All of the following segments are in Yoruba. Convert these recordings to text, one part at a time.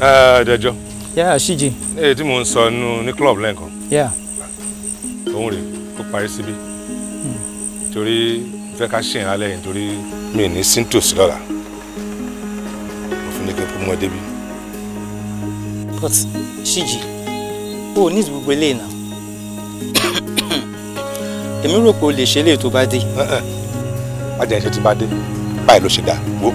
dẹjọ. yà á ṣíjì. èyí tí mò ń sọ nù ní club lẹ́ẹ̀kan. yà. òun rè kó parí síbí hmm. torí fẹ́ ká ṣe ìhàlẹ́ yìí torí mi ní síntòsí lọ́la mo fi ní kí n kó mọ débi. but ṣíjì o ò ní gbogbo eléyìí náà èmi rò pé o lè ṣe eléyìí tó bá dé. Eh, eh. má jẹ́ ẹ̀ṣẹ̀ tí bá dé báyìí ló ṣe dá wọ́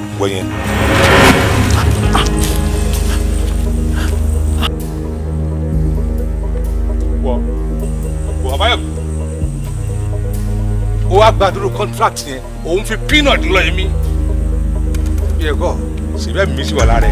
ọ̀báyọ̀ ó wá gbàdúró contract yẹn òun fi peanut lọ yẹn mi yẹ kọ́ síbẹ̀ mi sì wà lára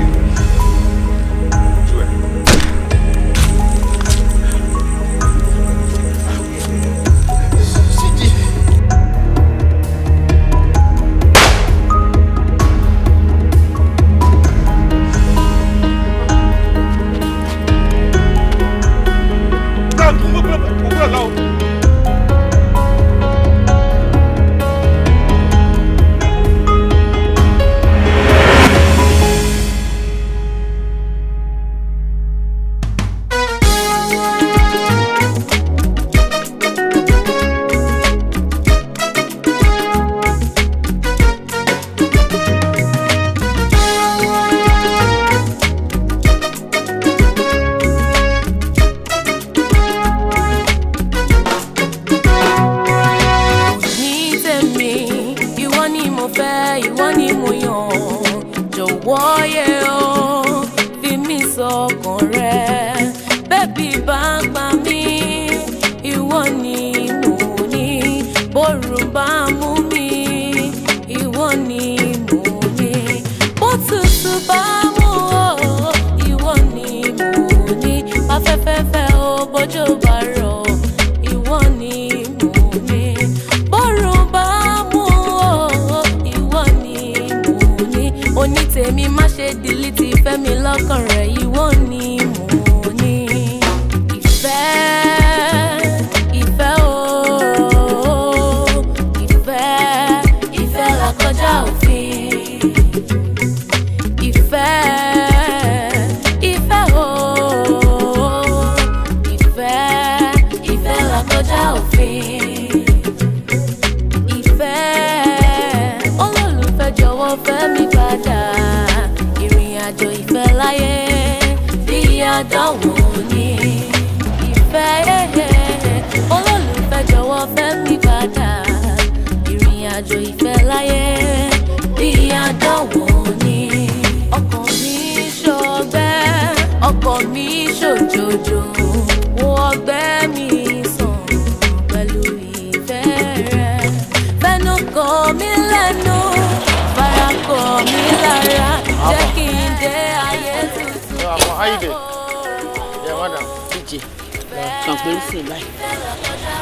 gbé ń sìn láì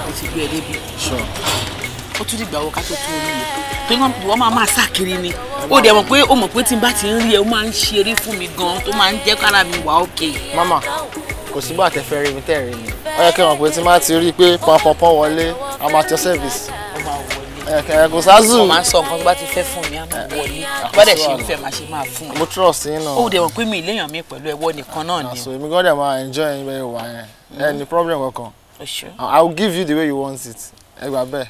mo ti gbé ẹ e débi ó tún dìgbà wọ ká tó tún orí mi pé wọ́n máa máa sákiri ni ó dẹ̀ mọ̀ pé ó mọ̀ pé tí n bá ti ń rí ẹ ó máa ń ṣeré fún mi gan tó máa ń jẹ́ kára mi wà ókè. mama kò sígbà tẹ fẹ́ rí mi tẹ́ rí mi ó yẹ kí n mọ̀ pé tí n bá ti rí i pé pọnpọnpọn wọlé i'm service kò sázù. mo máa ń sọ nǹkan tó bá ti fẹ́ fún mi á máa wọlé gbọ́dẹ̀ ṣe ń fẹ́ máa ṣe máa fún mi. mo trust yín náà. ó dẹ̀ wọ́n pé mi ìléyàn mi pẹ̀lú ẹ̀wọ́ nìkan náà ni. àṣọ ah, èmi gbọ́dọ̀ máa enjoy ẹ̀yin bẹ́ẹ̀ wà yẹn ẹ mm-hmm. problem kankan. I will give you the way you want it ẹ gbà bẹ́ẹ̀.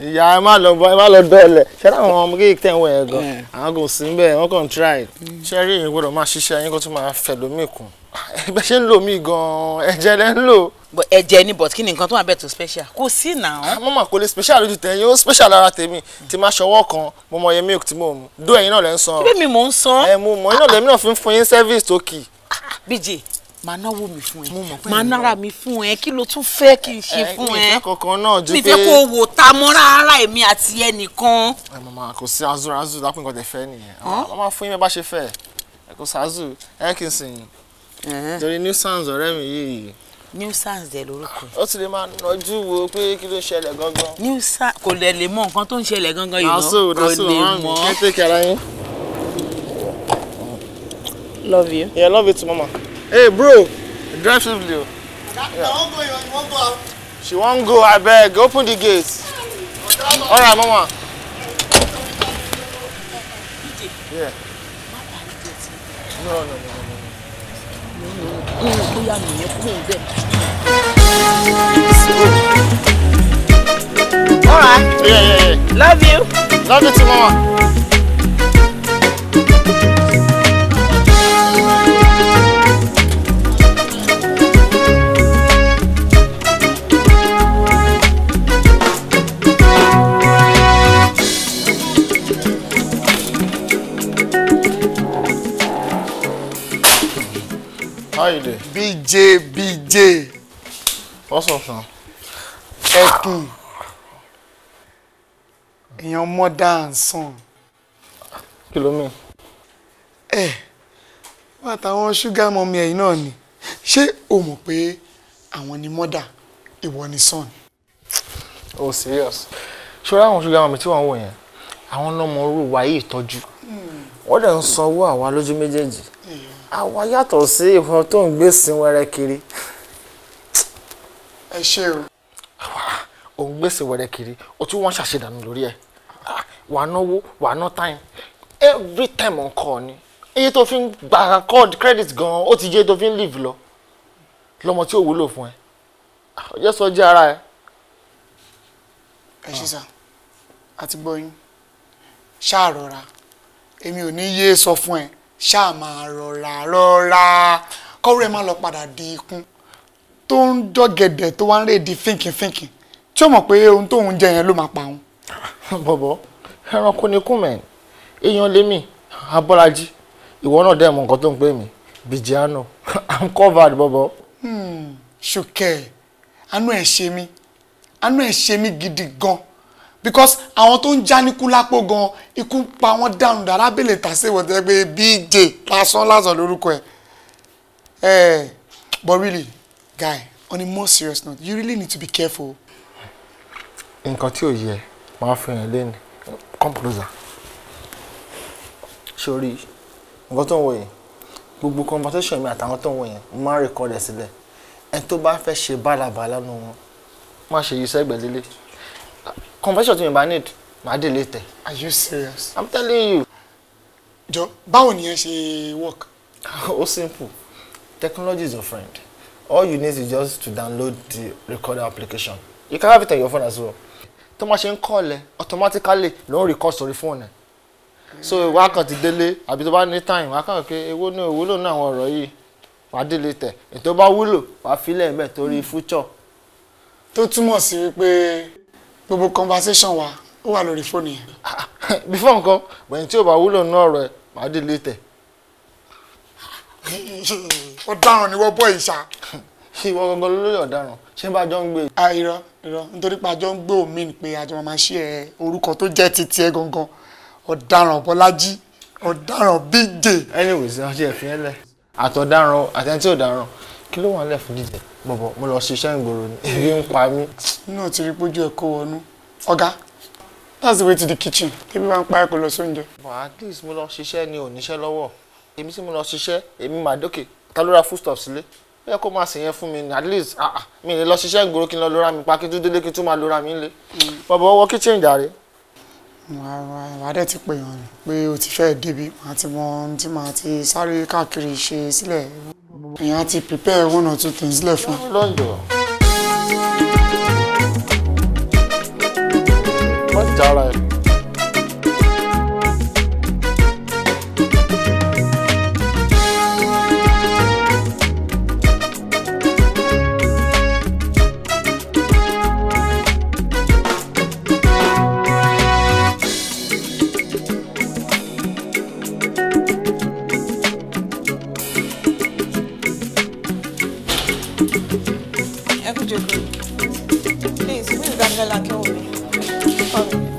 ìyá ẹ má lọ ẹ má lọ bẹ́ẹ̀lẹ̀ ṣé táwọn ọmọ kéèké tẹ̀ ń wẹ̀ ẹ̀ gan mm. àwọn kò sí bẹ́ẹ̀ wọ́n kàn try. Mm. ṣé ìyẹn gbọ́dọ̀ máa ṣiṣẹ́ yín kó tún máa fẹ̀ lómi kù. ẹgbẹ́ ṣe ń lò mí gan-an ẹ̀jẹ̀ lẹ́ ń lò ẹ̀jẹ̀ ni but kí ni nǹkan tó wà bẹ́ẹ̀ tó special kò sí náà. àmọ́ ah, mà kò lè special lójú tẹ̀yìn ó special lára tèmi tí máa ṣọwọ́ kan mo mọ iye milk tí mo mu dó ẹ̀yin náà lẹ́ ń san. kí lèmi mò ń san. ẹ mo mọ iná lèmi náà fi ń fún yín service tó kì. bíjì màá náwó mi fún ẹ màá nára mi fún ẹ kí ló tún fẹ́ kí n ṣe fún ẹ mi fẹ́ kó wò ta mọ́ rárá èmi àti ẹnìkan. ẹ ah, màmá kò sí azúra azúra lápò nǹkan tẹ fẹ́ nìyẹn àwọn ah, máa fún yín bá ṣe fẹ́ new sounds ọ̀rẹ́ New nuisance dẹ̀ lórúkọ ẹ̀. ó ti lè máa nọjú wo pé kí ló ṣẹlẹ̀ gangan. nuisance kò lè lè mọ nǹkan tó ń ṣẹlẹ̀ gangan yìí lọ kò lè mọ. kéékèèké ara yín. love you. yeah love you too mama. hey bro drive safely o. Oh. na go you wan go out. she wan go abeg open the gate. right, mama. yeah. no no no kún bóyá nìyẹn kún un bẹ́ẹ̀. All right. Yeah, yeah, yeah. Love you. Love you too, Mama. How you doing? BJ, BJ. What's up, son? Ẹkùn. Èèyàn modern son. Kí ló mean? Eh, wọ́n àtàwọn ṣúgà mọ́mí ẹ̀yìn náà ni. Ṣé o mọ̀ pé àwọn ni mọ́dà, ìwọ ni son? Oh, serious. Ṣọ́ra àwọn ṣúgà mọ́mí tí wọ́n wò yẹn, àwọn náà mọ orú wáyé ìtọ́jú. Hmm. Wọ́n dẹ̀ ń sanwó àwa lójú méjèèjì àwa yàtọ̀ sí ìwọ̀n tó ń gbé sin wẹ́rẹ́ kiri. ẹ ṣe o. àwa ò ń gbé sin wẹ́rẹ́ kiri o tún wọ́n ṣàṣedànù lórí ẹ̀ wà á náwó wà á ná time every time on call ni iye tó fi ń gba card credit gan ó ti jẹ́ tó fi ń leave lọ lọ́mọ tí ò wúlò fún ẹ ọjọ́ sọ jẹ́ ara ẹ. ẹ ṣe sá àti gbọ́yìn ṣáà rọra èmi ò ní yéé sọ fún ẹ ṣáà máa rọra rọra kọ́rọ́ ẹ̀ lọ padà di ikún tó ń dọ́gẹ̀dẹ̀ tó wá ń rè di fínkìfínkìn tí ó mọ̀ pé ohun tó ń jẹ yẹn ló máa pa òun. bọ̀bọ̀ ẹranko ni kú mẹ́rin èèyàn lémi abọ́lájí ìwọ náà dẹ̀ mọ̀ nǹkan tó ń pè mí bìjìánù i'm covered bọ̀bọ̀. Hmm, ṣùkẹ́ àánú ẹ̀ ṣe mí àánú ẹ̀ ṣe mí gidi gan-an because àwọn tó ń já níkú lápò gan ikú pa wọn dànù dára bèlè tàṣéwọ̀ tẹ́ pé bj lásán lásán lórúkọ ẹ̀ ẹ̀ but really guy on a more serious note you really need to be careful. nǹkan tí ò yẹ máa fi hàn lẹ́nu come closer sórí nǹkan tó ń wọ̀ yẹn gbogbo conversation mi àtàwọn tó ń wọ̀ yẹn máa ń record ẹ̀ sílẹ̀ ẹni tó bá fẹ́ ṣe bálabàlá nu wọn má ṣe yí sẹ́gbẹ̀ẹ́ lélẹ̀ conversion tí mi bá need màá delete ẹ. are you serious. i'm telling you. Joe. How ni ẹ work. Oh simple technology is your friend all you need is just to download the recorder application you can have it on your phone as well tó máa ṣe call ẹ automatically ló ń to sórí phone ẹ so wàá kàn ti délé àbí be bá ní time wàá kàn pé ewó náà ewó lòun náà àwọn I delete. wàá délé tẹ̀ ètò bá wúlò wàá better mẹ́ torí future. tó túmọ̀ sí gbogbo conversation wa ó wà lórí fóònù yẹn. before nǹkan bẹ̀yìn tí o bá wúlò nínú ọ̀rọ̀ ẹ màá delete ẹ̀. ọ̀daràn ni wọ́n bọ́ ìṣá. ìwọ gangan lórí ọ̀daràn ṣé bá jọ ń gbé. irọ́ irọ́ nítorí pé àjọ ń gbé omi pé àjọ máa ṣe ẹ orúkọ tó jẹ́ ti tiẹ̀ gangan ọ̀daràn bọ́lájí ọ̀daràn bíjè. anyways ọjọ́ ẹ̀fín ẹlẹ́ àtọ̀daràn àtẹ̀ntì ọ̀daràn kí ló wà ń lẹ̀ fún jíjẹ bọ̀bọ̀ mo lọ ṣiṣẹ́ ìgboro ni ebi ń pa mí. inú ti rí pójú ẹ kó wọnú ọ̀gá that's the way to the kitchen ebi máa ń pa ẹ kó lọ sóúnjẹ. but at least mo lọ ṣiṣẹ́ ni òníṣẹ́ lọ́wọ́ èmi tí mo lọ ṣiṣẹ́ èmi máa dókè ta ló ra foodstuff sílé ó kó máa sìn fún mi ni at least ah, ah, mi lè lọ ṣiṣẹ́ ìgboro kí n lọ lóra mi pa kí n tún délé kí n tún máa lóra mi lé bọ̀bọ̀ wọ kitchen jàre. wàá dẹ̀ ti pè yàn pé o ti fẹ́ débi màá ti mọ ohun tí ti sáré káàkiri ṣe sílẹ̀ I have to prepare one or two things left. fún un. ẹ kú jòkó please wí ìgbàgbọ́ làkẹ́wò mi.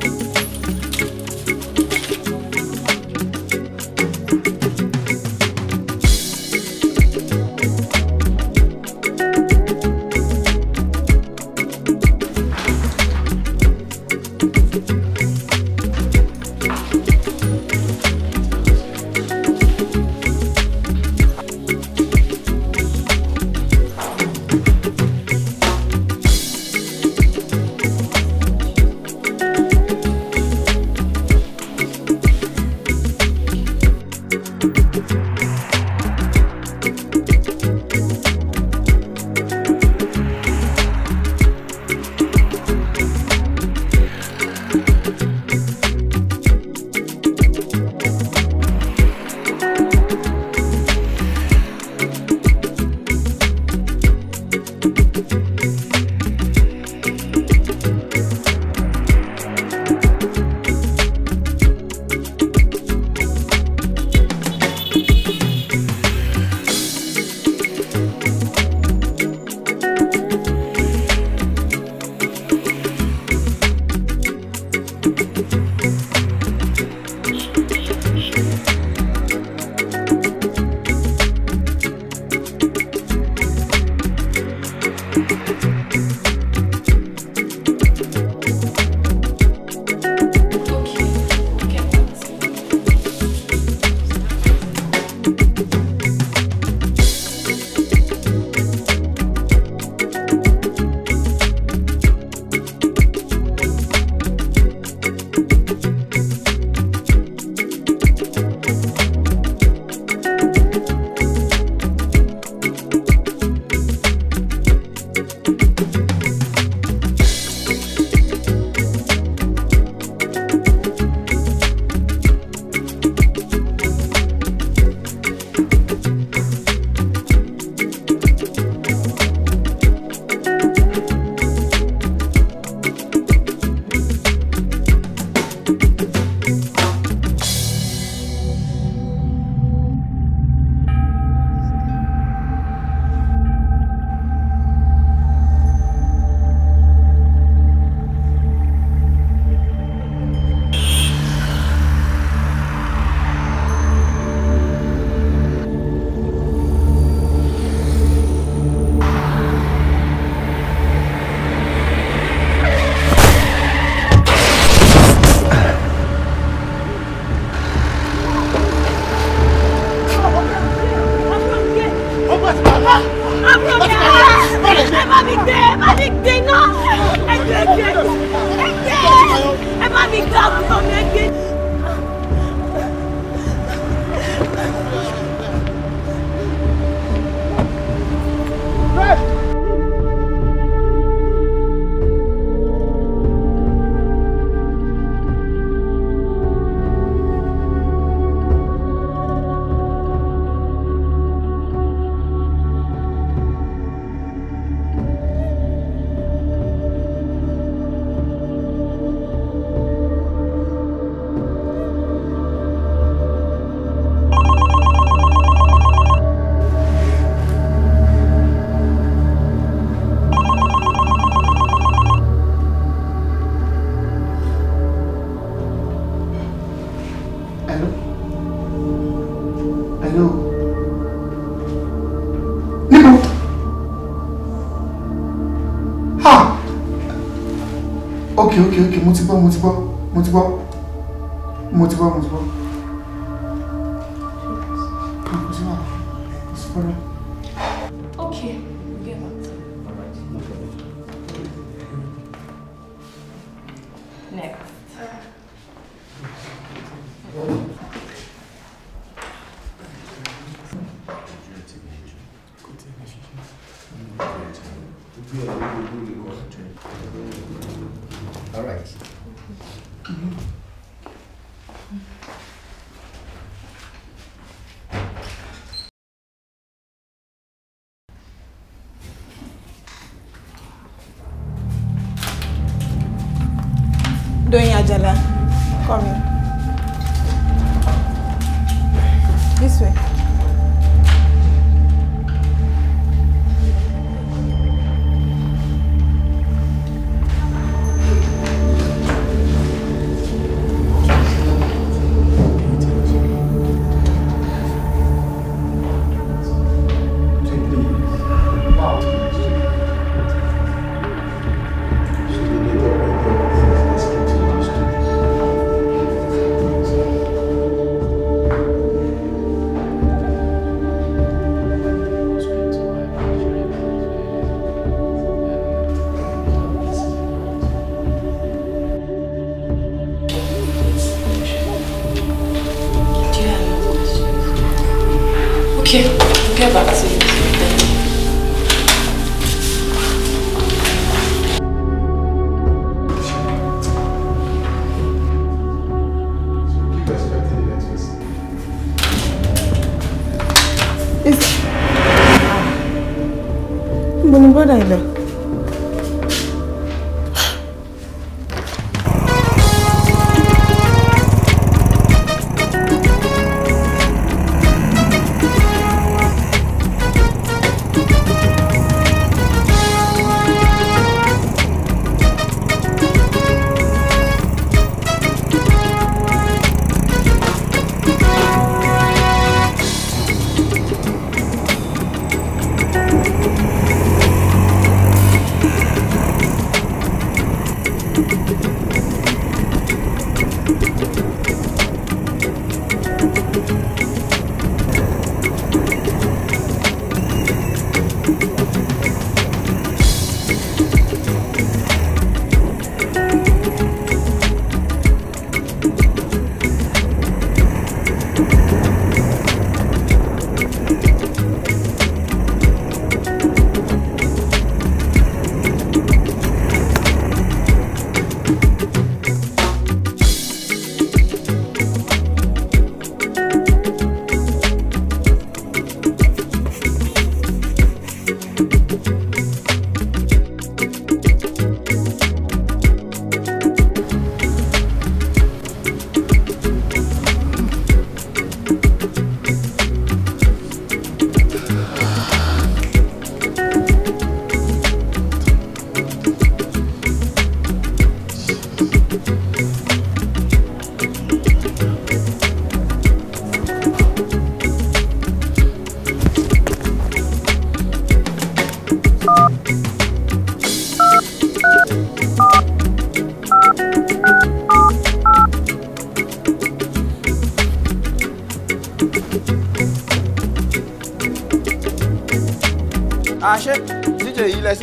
ok ok ok mo ti gbọ́ mo ti gbọ́ mo ti gbọ́ mo ti gbọ́ mo ti gbọ́.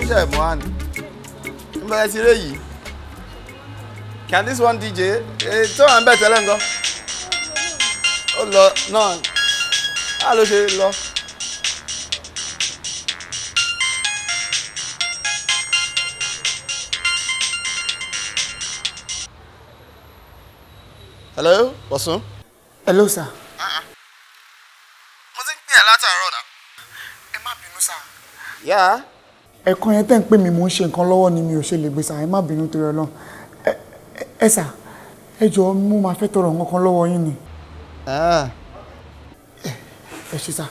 ṣe mú wa ni nígbà can this one dj tó wà ń bẹ̀ tẹ́lẹ̀ nǹkan ó lọ náà á ló ṣe lọ. hello Bọ̀sún. hello sir. mo ti ń pín ẹ látàárọ̀ náà ẹ má bínú sá. yá ẹ̀kan yẹn tẹ́ ń pè mí mò ń ṣe nǹkan lọ́wọ́ ni mi ò ṣe lè gbèsè àyè má bínú torí ọlọ́run ẹ sà ẹ jọ̀ọ́ mo máa fẹ́ tọrọ nǹkan lọ́wọ́ yín ni. Ah. ẹ ṣe sà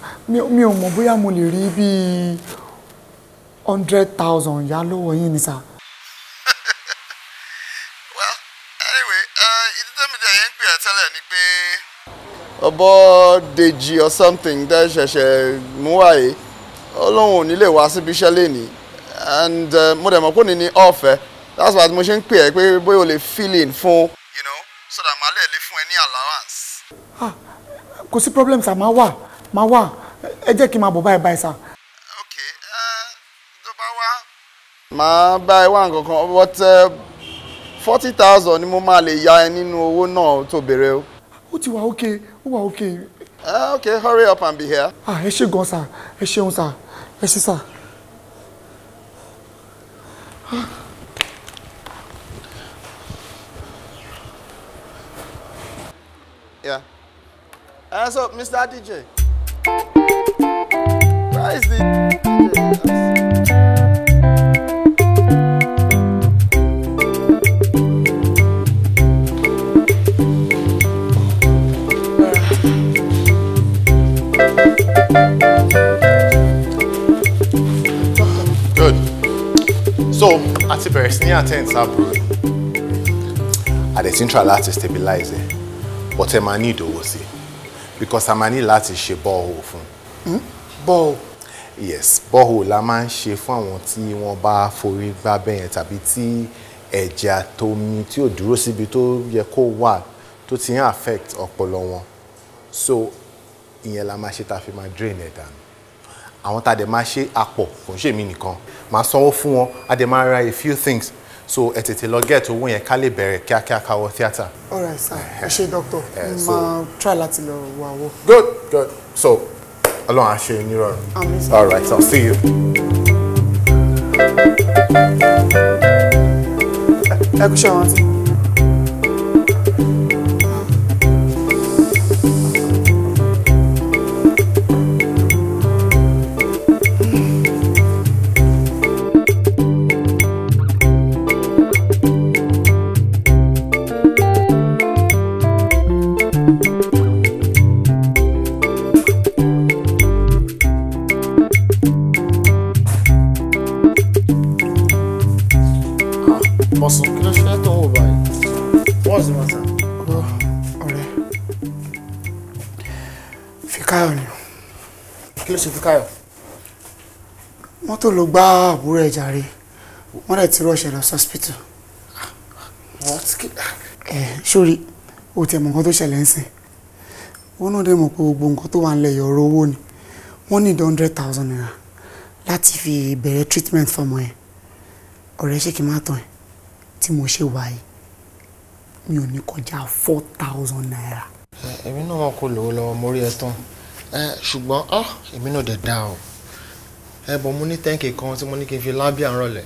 mi ò mọ̀ bóyá mo lè rí bíi hundred thousand yá lọ́wọ́ yín ni sà. well uh, Dèjì or something dẹ́ ṣẹ̀ṣẹ̀ mú wáyé ọlọ́run ò ní lè wá síbi iṣẹ́ lénìí and uh, mo dẹ̀ mọ̀ pé òní that's why mo ṣe ń pe e pe bóyá o lè fill in fún you know so that ma le le fún any allowance allowance. Ah, kò sí problem sir máa wà máa wà ẹ jẹ́ kí n máa bọ̀ báyìí sir. ok eh bá wá. wa bá ẹ wa nǹkan kan but uh, forty thousand ni mo ma le ya ẹ nínú owó náà tó béèrè o. o ti wà ok wà ok. Uh, ok hurry up and be here. ah ẹ ṣé gan sir ẹ ṣeun sir ẹ ṣé sir. yeah. Hands up, Mr. DJ. Where is the DJ? bẹ̀rẹ̀ sí ní attend abroad àdẹ̀tí ń try láti stabilize ẹ̀ but ẹ máa ní ìdòwò sí because a máa ní láti ṣe bọ́ọ̀hù fún hmm? bọ́ọ̀hù yes bọ́ọ̀hù la máa ń ṣe fún àwọn tí wọ́n bá forí gbá bẹ́yẹn tàbí tí ẹ̀jẹ̀ àtomi tí ò dúró síbi tó yẹ kó wà tó ti ń affect ọpọlọ wọn so ìyẹn la máa ṣe tá a fi máa drain ẹ̀ dànù àwọn tá a dẹ̀ máa ṣe àpọ̀ kò ń ṣe mí nìkan màá sanwó fún wọn a dẹ̀ máa ra a few things so ẹ tètè lọ get owó yẹn ká lè bẹ̀rẹ̀ kíákíá ká wọ theatre. all right sir eh, ẹ ṣe doctor eh, mo máa try láti lọ wọ àwọ. good good so ọlọ́run á ṣe é nírọ̀rùn all right so see you. ẹ kú ṣe àwọn àti. mọ́tò ló gbá àbúrò ẹ̀ jàre wọ́n dẹ̀ ti rọ́ọ̀ṣẹ̀ lọ sọ́spítù. ẹ o tẹ mọ nǹkan tó ṣẹlẹ̀ ń sìn wọn náà dẹ̀ mọ̀ pé gbogbo nǹkan tó wà ń lẹ̀ yọ owó ni wọ́n ní hundred thousand naira láti fi bẹ̀rẹ̀ treatment fọmọ ẹ̀ ọ̀rẹ́ ṣé kí n má tán ẹ̀ tí mo ṣe wà yìí mi ò ní kọjá four thousand naira. èmi náà wọn kò lówó lọ́wọ́ mo rí ẹ tán ṣùgbọ́n ah, èmi náà dẹ̀ dá o ẹ̀bùn mo ní tẹ́ǹkì kan tí mo ní kí n fi lábíà rọlẹ̀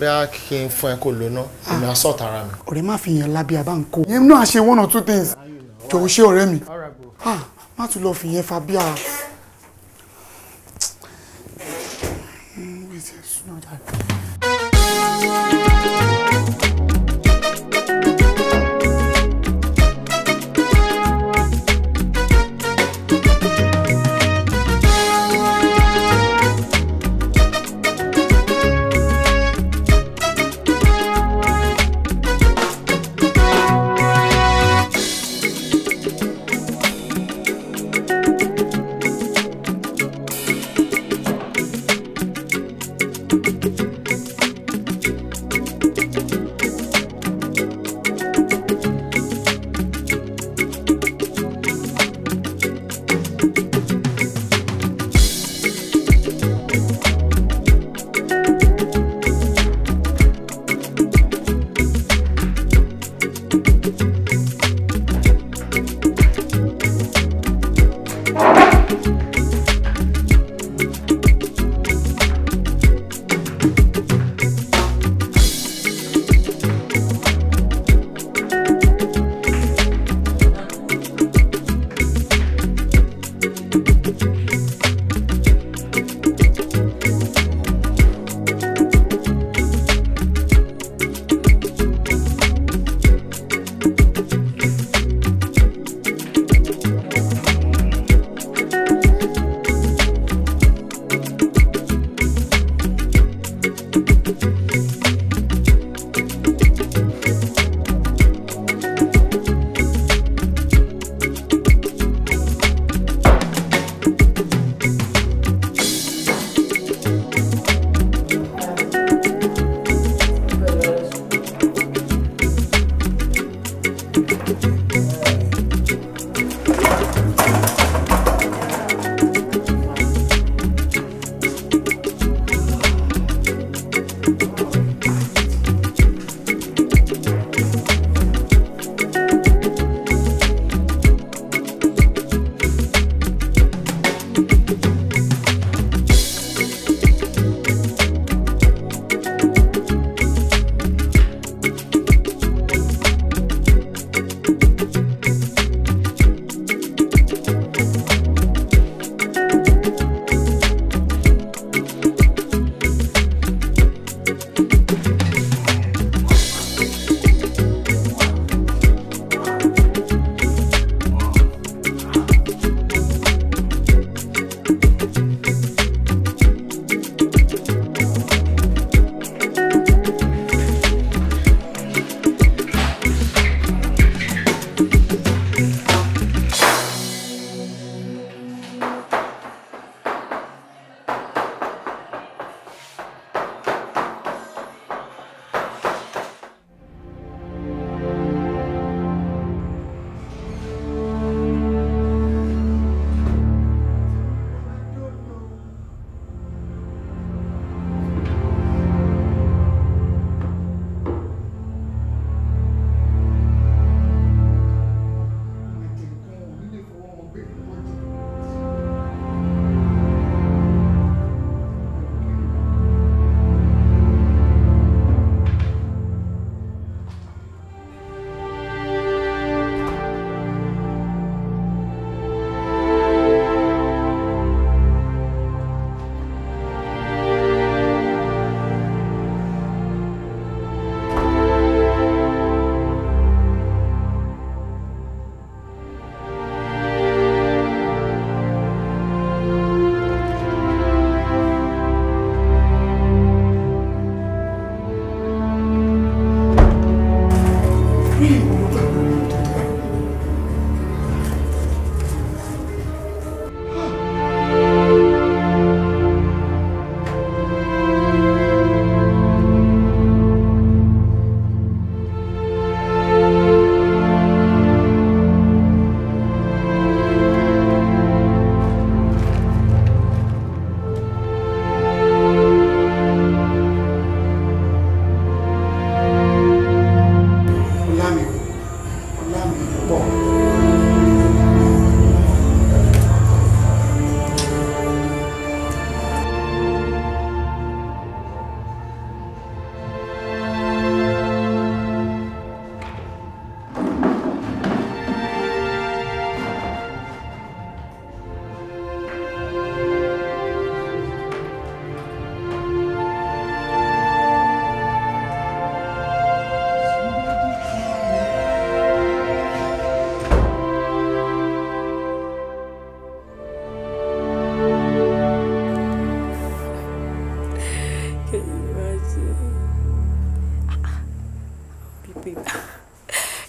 bẹ́ẹ̀ kí n fún ẹ kó lóná èmi á ah. sọ̀ tara mi. ọ̀rẹ́ má fi yẹn lábíà bá ń kó. yẹn náà ṣe one or two things jọ̀wọ́ ṣe ọ̀rẹ́ mi ah, má tún lọ fi yẹn fa bíà.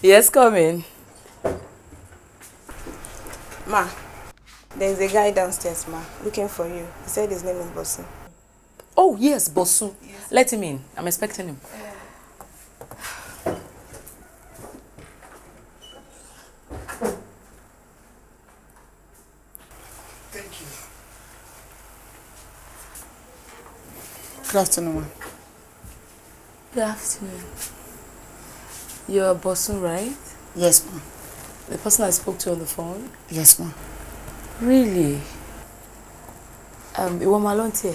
Yes, come in. Ma, there's a guy downstairs, ma, looking for you. He said his name is Bosu. Oh, yes, Bosu. Yes. Let him in. I'm expecting him. Thank you. Good afternoon. Good afternoon. You're a Boston, right? Yes, ma'am. The person I spoke to on the phone? Yes, ma'am. Really? Um, ìwọ my ló here.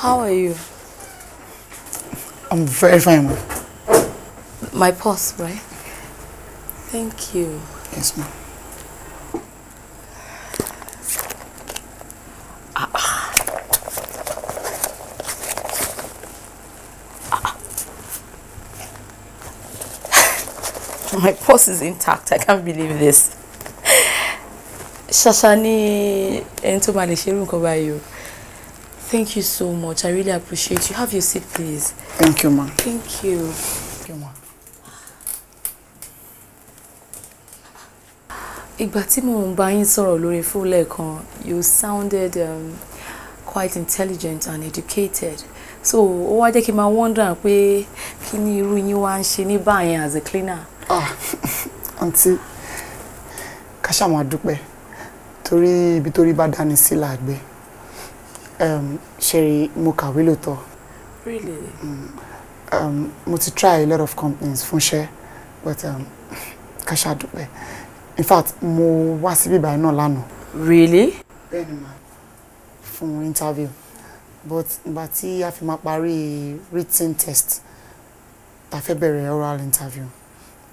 How are you? I'm very fine, ma'am. My purse, right? Thank you. Yes, ma'am. my purse is intact i can't believe this Shashani, ni ẹni tó máa lè ṣe irú nǹkan báyìí o thank you so much i really appreciate you have your seat please. thank you ma. thank you. thank you ma. ìgbà tí mo ń bá yín sọ̀rọ̀ lórí fún lẹ́ẹ̀kan you sounded um, quite intelligent and educated so ó wá jẹ́ kí n máa wonder pé kí ni irú yín wá ń ṣe ní báyẹn as a cleaner ah àǹtí ká ṣáà máa dúpẹ́ torí ibi tó rí bá dání sí là gbé ṣeré mo kàwé lóòótọ́. really. Um, mo ti try a lot of companies fún iṣẹ́ but ká ṣáà in fact mo wá síbí báyìí náà lánàá. really. bẹ́ẹ̀ni ma fún interview but ìgbà tí a fi máa parí written test ta fẹ́ bẹ̀rẹ̀ oral interview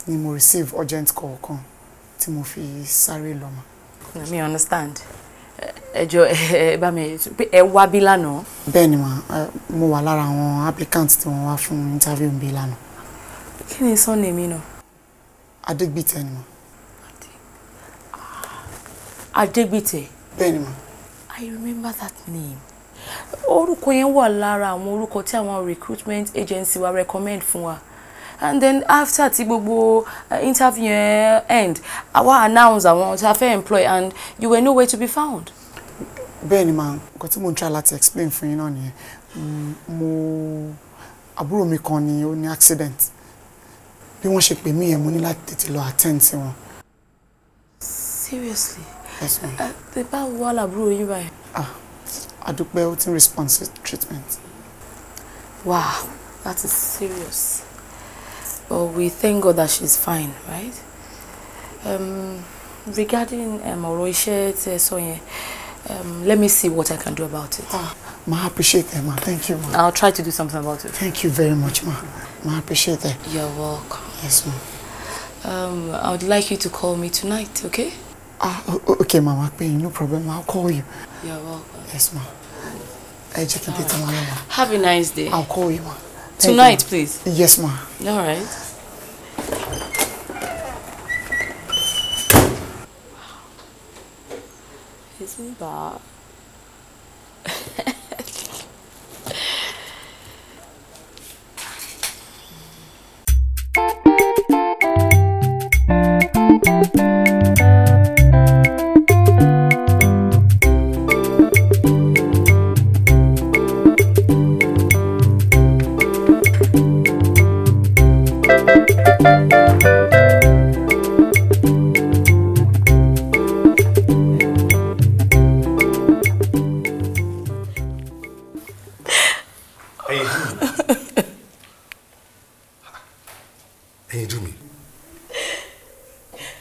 ni mo receive urgent call kan tí mo fi sáré lọ mọ. mi understand ẹjọ ẹ bá mi ẹ wá bí lánàá. bẹ́ẹ̀ ni mo wà lára àwọn applicants tí wọ́n wá fún interview mi lánàá. kí ni sọ́ọ̀nì mi náà. adégbìtẹ́ ni mo. Adegbite. Ah, Bẹ́ẹ̀ni ma. I remember that name. Orúkọ yẹn wà lára àwọn orúkọ tí àwọn recruitment agency wa recommend fún wa and then after ti gbogbo uh, interview yẹn end àwa announce àwọn tí a fẹ́ employ and you were nowhere to be found. bẹ́ẹ̀ ni màá nǹkan tí mo ń try láti explain fún yín náà nìyẹn mm, mo àbúrò mi kan ni ó ní accident bí wọ́n ṣe pè mí yẹn mo ní láti tètè lọ attend sí wọn. seriously yes ma'am. ẹ eh, eh, báwo wà lábúrò yín báyìí. ah adúpẹ́ ó ti ń response treatment. wow that is serious. But we thank God that she's fine, right? Um, regarding um, Oroishe um, let me see what I can do about it. Ah, ma, I appreciate that, ma. Thank you, ma. I'll try to do something about it. Thank you very much, ma. Ma, I appreciate that. You're welcome. Yes, ma. Um, I would like you to call me tonight, okay? Ah, okay, ma. No problem. I'll call you. You're welcome. Yes, ma. Right. Have a nice day. I'll call you, ma. Tonight, please. Yes, ma. All right. Isn't that? Thank you.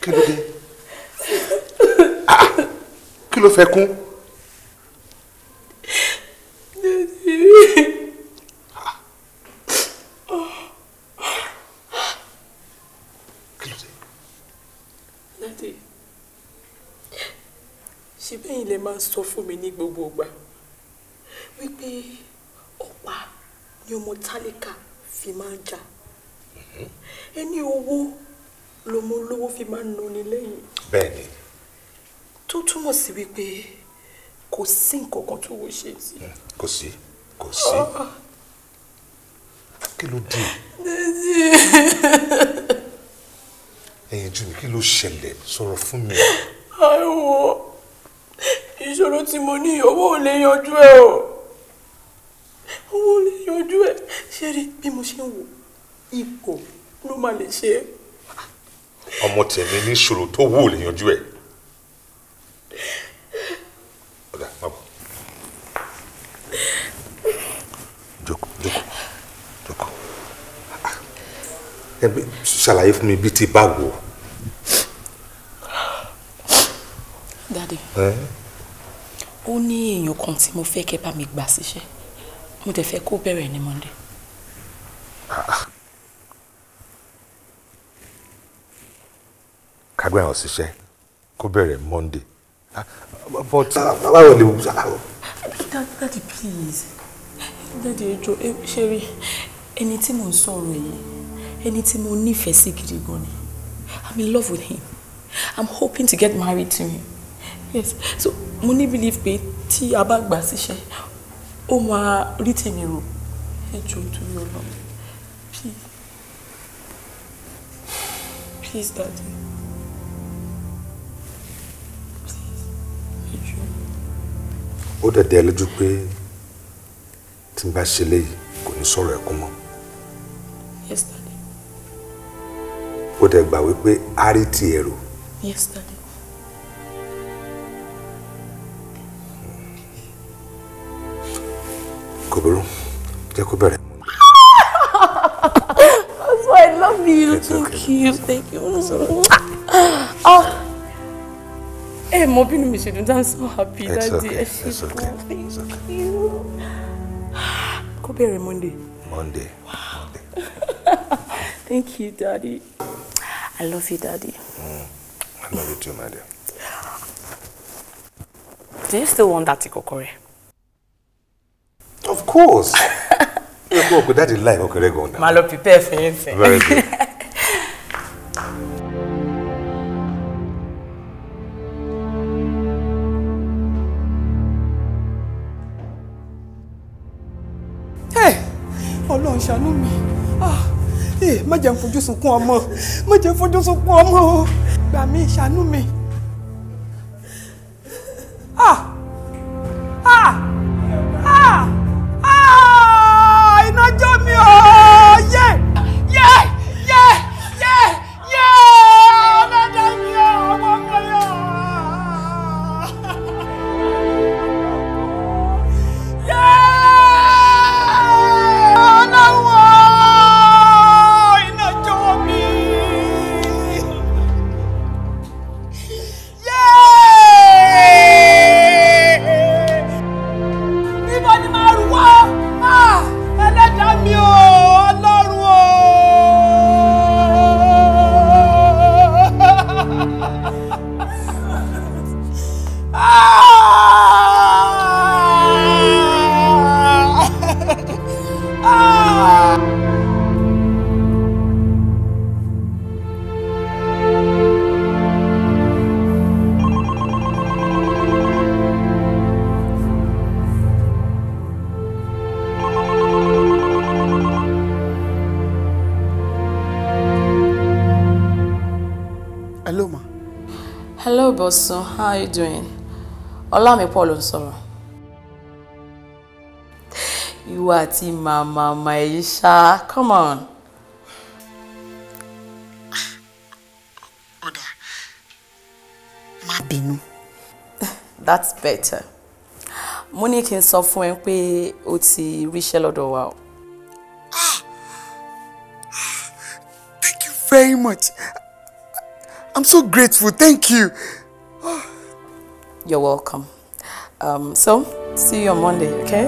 que ló dé ah, kí ló fẹ́ kún. ṣebẹ́yìn lè máa sọ fún mi ní gbogbo ìgbà wípé ọ̀pá ni ọmọ tálíkà fi máa ń jà mm-hmm. ẹni owó lọmọ olówó fi máa ń noni lẹ́yìn. bẹ́ẹ̀ni. tó túmọ̀ sí wípé kò sí nǹkan kan tó wò ṣe sí. Hmm, kò sí kò sí. Ah. kí ló dé. ẹyin jù mí kí ló ṣẹlẹ̀ sọ̀rọ̀ fún mi. àìwọ ìṣòro tí mo ní owó ò lè yanjú ẹ o owó ò lè yanjú ẹ ṣé rí bí mo ṣe ń wò ipò ló máa lè ṣe é ọmọ tèmi ní ìṣòro tó wù lè yanjú ẹ̀. ọ̀dà má bọ̀. jókòó jókòó jókòó. ẹ bí ṣàlàyé fún mi bíi ti báwo. dadi ó ní èèyàn kan tí mo fẹ́ kẹ́ bá mi gbà síṣẹ́ mo dẹ̀ fẹ́ kó bẹ̀rẹ̀ ní monday. Ah, ah. kágbé àwọn ṣiṣẹ́ kó bẹ̀rẹ̀ Monday ah, but. aláwọ̀ lè wù sáláwọ̀. please daddy ejo ṣe ẹni tí mò ń sọ̀rọ̀ yìí ẹni tí mo nífẹ̀ẹ́ sí gidi gan ni i'm in love with him i'm hoping to get married to him yes so mo ní believe pé tí a bá gbà síṣẹ́ ó máa rí tèmi rò ejo torí Ọlọ́run please please daddy. ó dẹ̀ dẹ́ lójú pé tí n bá ṣe léyìí kò ní sọ̀rọ̀ ẹ̀kún mọ́. ó dẹ̀ gbà wípé a rí ti èrò. kò burú jẹ́ kó bẹ̀rẹ̀. I love you. You're too okay. cute. Thank you. Oh. Hey, eh, mọ bínú I'm ṣe dùn dá so happy dáàdì ẹ ṣe okay. thank you kó bẹ̀rẹ̀ monday. monday monday. thank you daddy i love you daddy. Mm, i love you too my dear. do you still want that curry? of course. ẹ kó o kò dáàdi láì ọkọ rẹ gan-an. màá lọ prepare very good. ọlọ́run ṣàánú mi ah, eh, má jẹ́ ń fojú sunkún ọmọ má jẹ́ ń fojú sunkún ọmọ o gbà mí ṣàánú mi. you doing? Ọlámi Paul ló ń sọ̀rọ̀. Ìwà àti màmá màmá come on. Ah, Oda. má bínú. That's better. Mo can kí n sọ fún ẹ pé ah, ah, Thank you very much. I'm so grateful. Thank you. You're welcome. Um, so, see you on Monday, okay?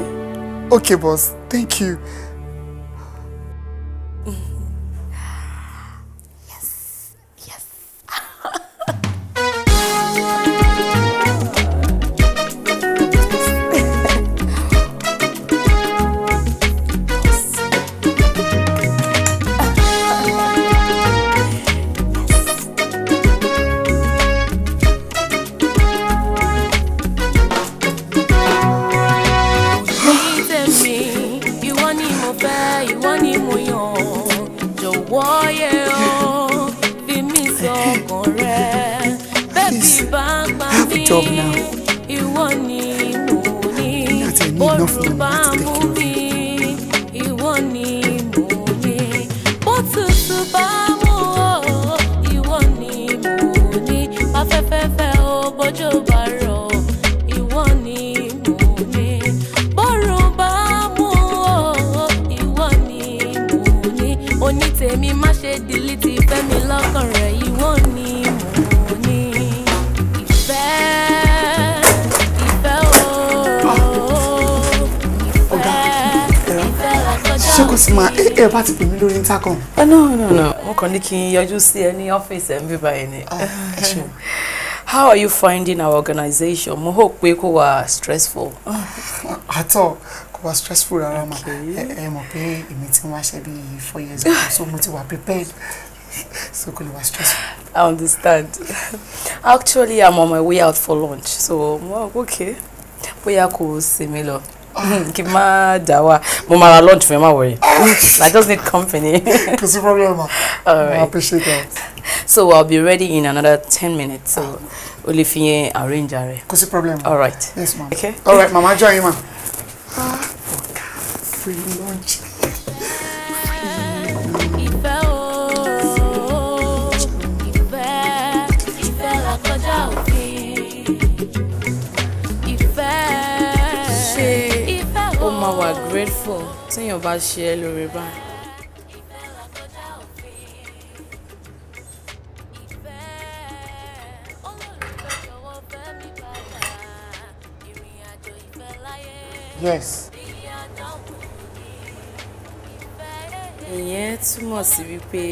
Okay, boss. Thank you. lọ́kàn rẹ̀ ìwọ ni mo ní ìfẹ́ ìfẹ́ ooo ìfẹ́ ìfẹ́ lọ́kọjá. ṣé uh, no no no mo kàn ní kí n yọjú sí ẹ ní ah, How are you finding our organization? Mo hope pé kò stressful. Ah, at all was stressful rárá ma ẹ mọ̀ pé èmi ti four years ago so mo prepared so kò lè wá stressful. I understand. Actually, I'm on my way out for lunch, so well, okay. Bóyá kò sinmi lọ. Ah. Kì má dà wá. Mo lunch fún ẹ, worry. Ah. I just need company. Kò sí problem ma. All right. I appreciate that. So I'll be ready in another ten minutes. So ah. o if you arrange it. ẹ. problem All right. Yes ma'am. Okay. All right, mama join ma. Ah, oh, free lunch. grateful téèyàn bá ṣe ẹ́ lóore báyìí. yes. ìyẹn túmọ̀ sí wípé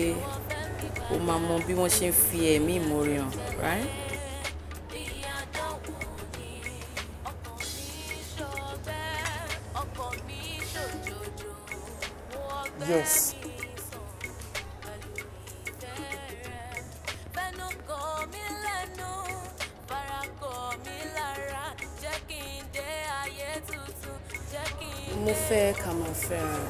o máa mọ bí wọ́n ṣe ń fi ẹ̀mí ìmoore hàn right. Yes. mo fẹ́ ká máa fẹ́ràn.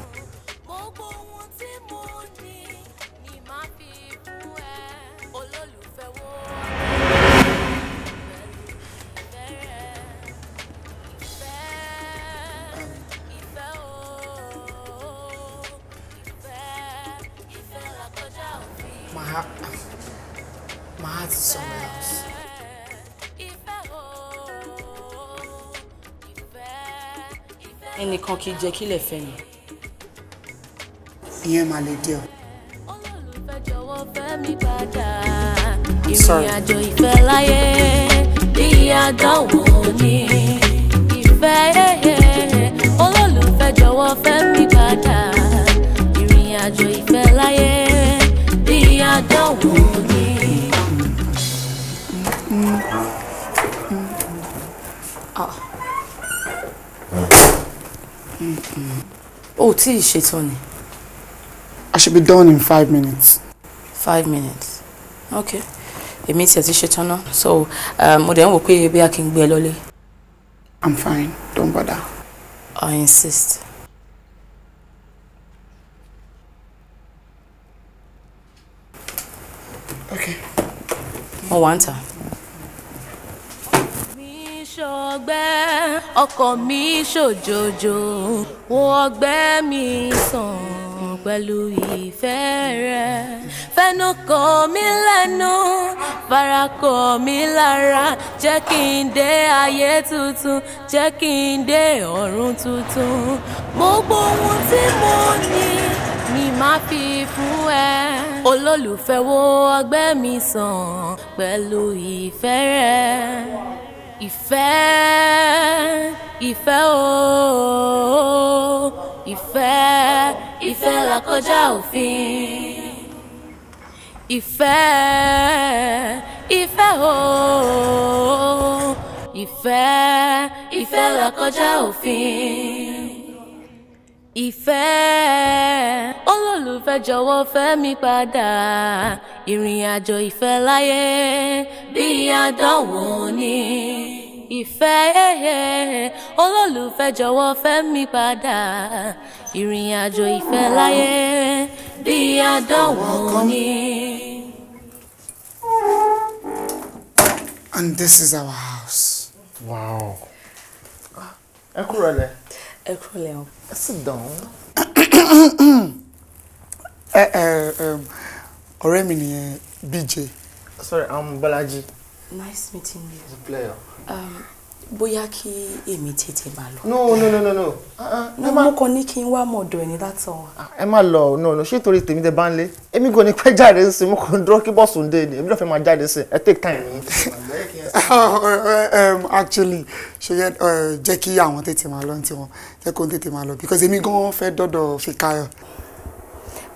heart, my heart is somewhere else. Ẹnìkan kì í jẹ́ kílẹ̀ fẹ́ mi. Ìyẹn máa lè dé sorry. Ìrìn àjò ìfẹ́ láyé bí àdánwò ni ìfẹ́ eh, eh, eh. olólùfẹ́ jọ̀wọ́ fẹ́ mi padà. Oh, tí ì ṣetán I should be done in five minutes. Five minutes. Okay. Èmi tiẹ̀ ti ṣetán náà. So Um, dẹ̀ ń wò pé bí a kì I'm fine. Don't bother. I insist. Okay. Mo wà ń ọkọ̀ mi ṣòjòjò wo ọgbẹ́ mi sàn pẹ̀lú ìfẹ́ rẹ fẹnu kò mí lẹ́nu fara kò mí lára jẹ́ kí n dé ayé tuntun jẹ́ kí n dé ọ̀run tuntun gbogbo ohun tí mo ní mi máa fi fún ẹ olólùfẹ́ wo ọgbẹ́ mi sàn pẹ̀lú ìfẹ́ rẹ. Ifé, Ifé, o Ifé, Ifé lá o fim Ifé, Ifé, o Ifé, Ifé lá o fim ìfẹ́ olólùfẹ́ jọ̀wọ́ fẹ́ mi padà ìrìn àjò ìfẹ́ láyé bí àdánwò ni. Ìfẹ́ eh, eh. olólùfẹ́ jọ̀wọ́ fẹ́ mi padà ìrìn àjò ìfẹ́ láyé bí àdánwò ni. And this is our house. Wow. Ẹ kúrò lẹ. Ẹ kúrò lẹ o. Sit down. Uh, uh, Ọ̀rẹ́ mi nìyẹn BJ. Sorry, I'm Balaji. Nice meeting you. It's a pleasure. Um, bóyá kí èmi tètè máa lọ. no no no no no. Ah, ah, no mo kàn ní kí n wá mọ̀dọ̀ ẹ̀ ní látọ̀. Ah, ẹ má lọ no no ṣé torí tèmi tẹ bá ń lé èmi kò ní pẹ́ jáde sí mo kàn ń dúró kí bọ́ọ̀sì ń dé ni èmi náà fẹ́ máa jáde sí ẹ take time um, actually ṣe yẹ uh, jẹ́ kí àwọn tètè máa lọ tiwọn jẹ́ kó tètè máa lọ because èmi gan fẹ́ dọ́dọ̀ Fikayo.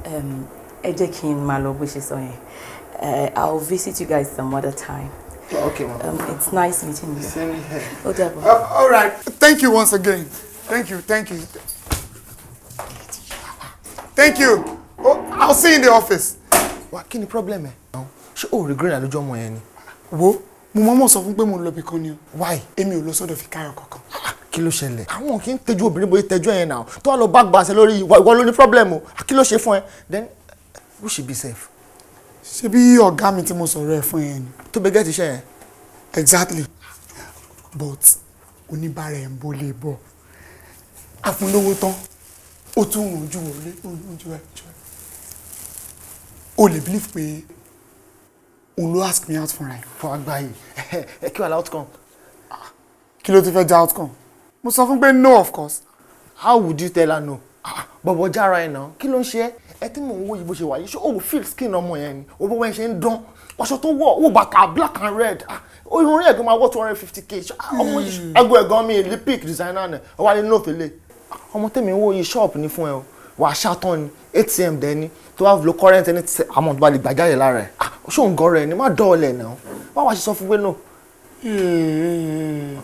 Um, ẹ jẹ́ kí n máa lọ bó ṣe sọ yẹn I uh, will visit you guys some other time. Okay, ma'am. Um, it's nice meeting you. Same here. Ó oh, Uh, all right. Thank you once again. Thank you. Thank you. Thank you. Oh, I'll see you in the office. What kí ni problem ẹ? Ṣé o rí Greda lójú ọmọ yẹn ni? Wo mo mọ̀ mọ̀ sọ fún pé mo ń lọ ibìkan ni o. Why? Èmi ò lọ sọ́dọ̀ Fikayo kankan. Kí ló ṣẹlẹ̀? Àwọn kì í tẹjú obìnrin bóyá tẹjú ẹ̀yẹn náà. the wà lọ bá gbàṣẹ lórí ìwọ ló ní problem o. Kí Then we should be safe? ṣe bí ọ̀gá mi tí mo sọ̀rọ̀ ẹ̀ fún yẹn ni. tó bẹ gẹ́tì iṣẹ́ yẹn. exactly but oníbàárà ẹ̀ ń bó lè bọ̀ àfúnlówó tán ó tún rùn ojú wọlé ojú ẹ̀ jọ ẹ̀ o lè believe pé òun ló ask me out for ẹ̀. fún àgbà yìí ẹ kí wà lá outcome. Ah, kí ló ti fẹ́ já outcome mo sọ fún pé no of course. how would you tell her no. Ah, bọ̀bọ̀ jára ẹ̀ náà kí ló ń ṣe é ẹ tí mò ń wo yìí bó ṣe wà ṣé òun feel skin ọmọ yẹn ni òun bó wọn ṣe ń dán ọṣọ tó wọ̀ òun bàtà black and red ah, irun rẹ̀ gan máa wọ́ two hundred fifty k ah, ọmọ yìí hmm. ẹgbẹ́ ẹ̀gán mi lipic designer ni ọwọ́ alẹ́ náà fẹ́lẹ́ ah, ọmọ tèmi ń wo yìí ṣọ́ọ̀pù ni fún ẹ o wà á ṣàtàn ni atm dẹ ni tó bá lo current ẹni tí àmọ́ tó bá lè gbàjáde lára ẹ̀ ṣóun gan rẹ̀ ni má dọ̀ọ̀lẹ̀ náà báwa ṣe sọ fún pé náà hmm, hmm,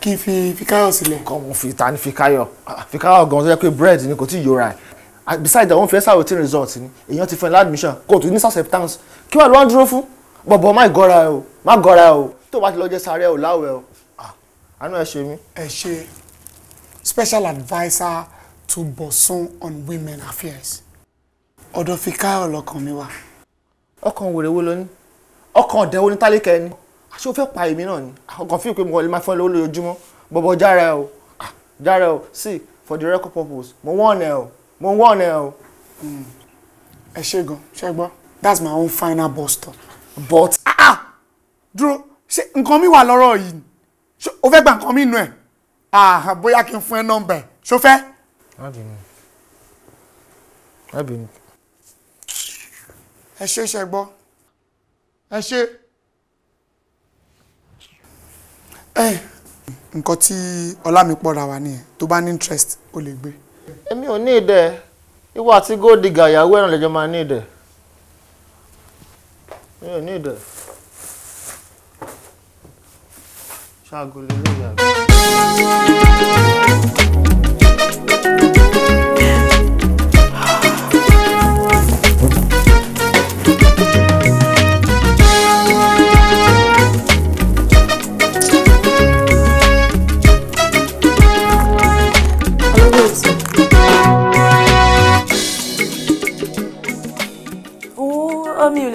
kí n fi fikayo sílẹ̀. kọ́ mo fi ta ni fikayo fikayo gan tó yẹ pé bread ni kò tí ì yọra ẹ̀ beside àwọn fẹ́ sàwòtí result ni èèyàn ti fún ẹ ládùmíṣàn kò tún ní susceptance kí wàá ló wá ń dúró fún bọ̀bọ̀ má gọ́ra ẹ o má gọ́ra ẹ o tó bá ti lọ jẹ́ sáré o láwẹ̀ o ah, àánú ẹ ṣe mí. ẹ ṣe special adviser to Bosun on women affairs ọ̀dọ̀ fi káyọ̀ lọ́kàn mi wá. ọkàn wèrè wo ló ní ọkàn ọ̀dẹ́ wo ní tálíkà ah, ẹni àṣé o fẹ́ pa èmi náà ni ah, ọkàn fíìpé mo lè máa fún ẹ lówó lójoojúmọ́ bọ̀bọ̀ jára ẹ o jára ẹ o see for the record purpose mo wọ́n ẹ o mo ń wọ̀n ẹ o. ẹ ṣe gan ṣe gbọ́ that's my own final bus stop but ah ah dúró ṣe nǹkan mi wà lọ́rọ̀ yìí o fẹ́ gba nǹkan mi nù ẹ̀ ah bóyá kí n fún ẹ nọ́mbà ẹ̀ ṣó fẹ́. má bínú má bínú. ẹ ṣe ṣe gbọ́ ẹ ṣe. Eh, ẹ nǹkan tí ọlámipọ̀ ra wa nìyẹn tó bá ní interest ó lè gbé. èmi ò ní ìdẹ ìwọ àti góòdì gàyàwó ẹ̀ràn lẹ́jọ́ máa ní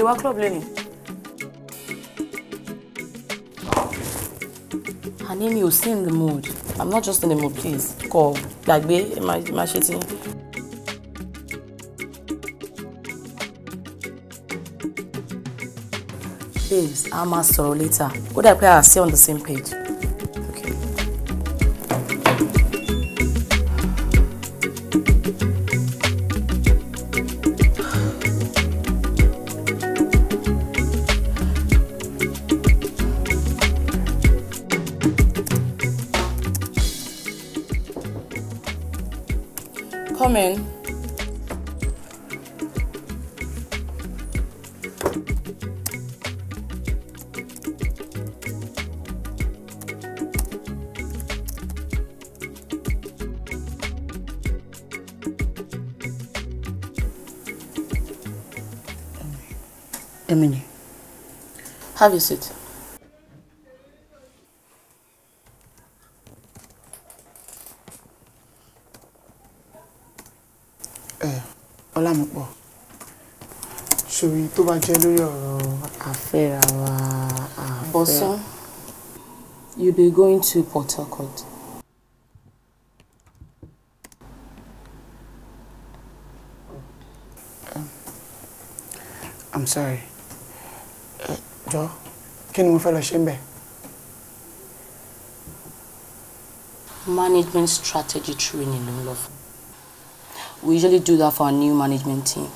wá club lẹ́nu. àní mi ò in the mood i'm not just in the mood please kọ gbàgbé ẹ má ṣe tí. babes a máa sọ̀rọ̀ later Would I pé I see on the same page. lemon. have a seat. ẹ eh, ọlámọpọ̀ ṣòrí tó bá jẹ́ lórí ọ̀rọ̀ àfẹ́ra wa àfẹ́. bọ́sán you be going to Port Harcourt. Um, I'm sorry. Eh, jọ, kí ni mo fẹ́ lọ ṣe ń bẹ̀? Management strategy training ló ń lọ fún. We usually do that for our new management team.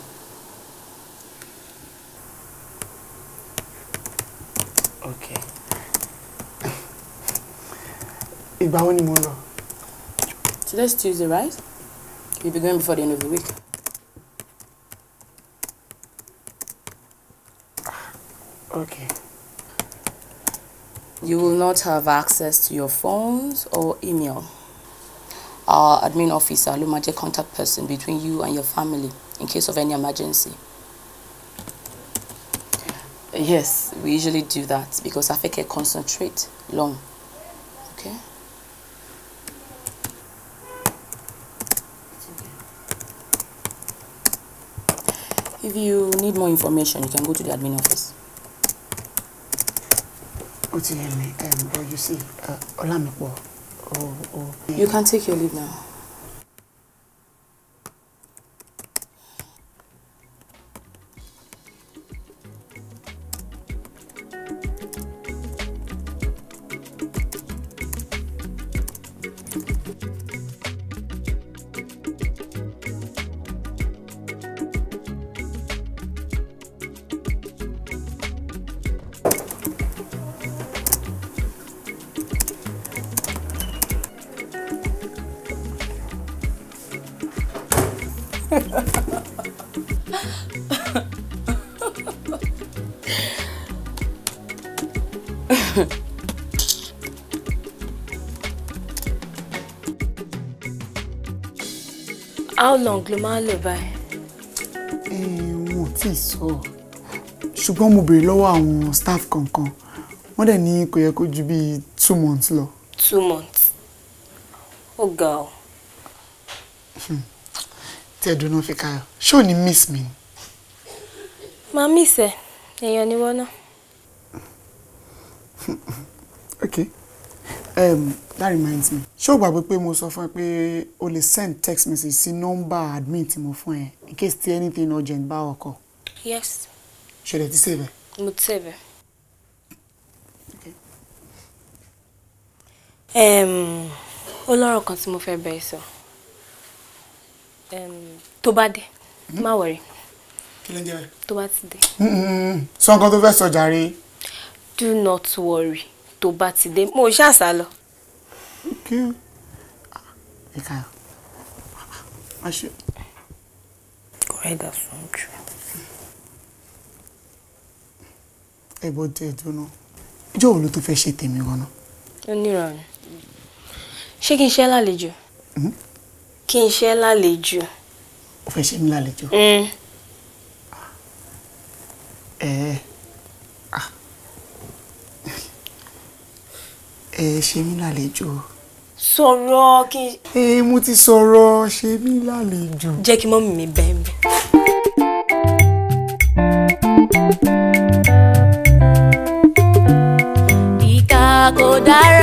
Okay. Today's Tuesday, right? We'll be going before the end of the week. Okay. You will not have access to your phones or email. Our admin officer, Lumaje, contact person between you and your family in case of any emergency. Yes, we usually do that because I think I concentrate long. Okay? If you need more information, you can go to the admin office. Utiyemi, um, but you see, uh, Olamipo, or, or... You can take your leave now. long ló máa ń lò báyìí. ẹ wọn ò tí ì sọ ṣùgbọ́n mo béèrè lọ́wọ́ àwọn staff kankan wọ́n dẹ̀ ní kò yẹ kó ju bíi two months lọ. two months ó ga ọ. Hmm. tí ẹ dùnú fi káyọ ṣé ò ní miss mi. máa miss ẹ èèyàn ni wọ́n náà. okay um, that reminds me ṣé o gbàgbé pé mo sọ fún ẹ pé o lè send text message sí nọ́mbà admin tí mo fún ẹ in case ti anything urgent bá ọkọ. yes. ṣe lè ti save ẹ. mo ti save ẹ. ó lọ́rọ̀ kan tí mo fẹ́ bẹ̀rẹ̀ sọ tó bá dé hmm? má wọ̀rí tó bá ti dé. Hmm, sọ nǹkan tó fẹ́ sọ jàre. do not worry tó bá ti dé mo ṣáà sá lọ kí ah, ah, ẹ ká a ṣe. ọ̀rẹ́ ìdá sùn jù. ẹ̀bùn tẹ̀ dúnú ìjọ wo ló tó fẹ́ ṣe tèmi gan-an. ó nira ni ṣé kí n ṣe lálejò. Hmm? kí n ṣe lálejò. o fẹ́ ṣe mí lálejò. Hmm. ẹ ah. ẹ ẹ sọ̀rọ̀ kí n. ẹ mo ti sọ̀rọ̀ ṣe mí lálejò. jẹ́ kí mọ́mì mi bẹ́ẹ̀ mi. ìkà kò dára.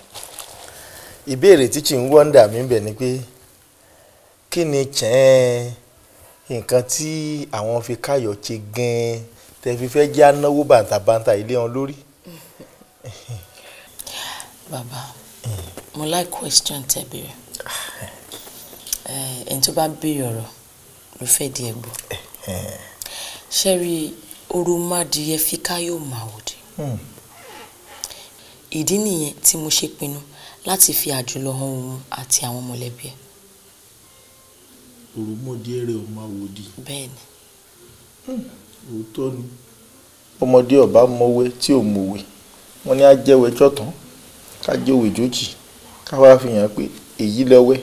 ìbéèrè tí kì í wọ́ndà mí bẹ̀ ni pé kí ni tiẹ̀ nǹkan tí àwọn fi káyọ̀ ṣe gan-an tẹ́ fi fẹ́ já náwó bàǹtàbàǹtà ilé wọn lórí. bàbá mo láì question tẹ́ béèrè ẹni tó bá béèrè ọ̀rọ̀ ló fẹ́ di ẹ̀gbọ́n ṣe rí oru mádìyẹ fi káyọ̀ màwòdì hmm. ìdí nìyẹn tí mo ṣe pinnu láti fi àjùlọ hàn òun àti àwọn mọ̀lẹ́bí ẹ̀. òròmọdé rẹ ò máa wò di. bẹ́ẹ̀ni. òótọ́ ni. ọmọdé ọba mọ̀wé tí ò mọ̀wé wọn ní á jẹ́wé jọ̀tán ká jẹ́wé jòjì ká wá fi hàn pé èyí lọ́wẹ́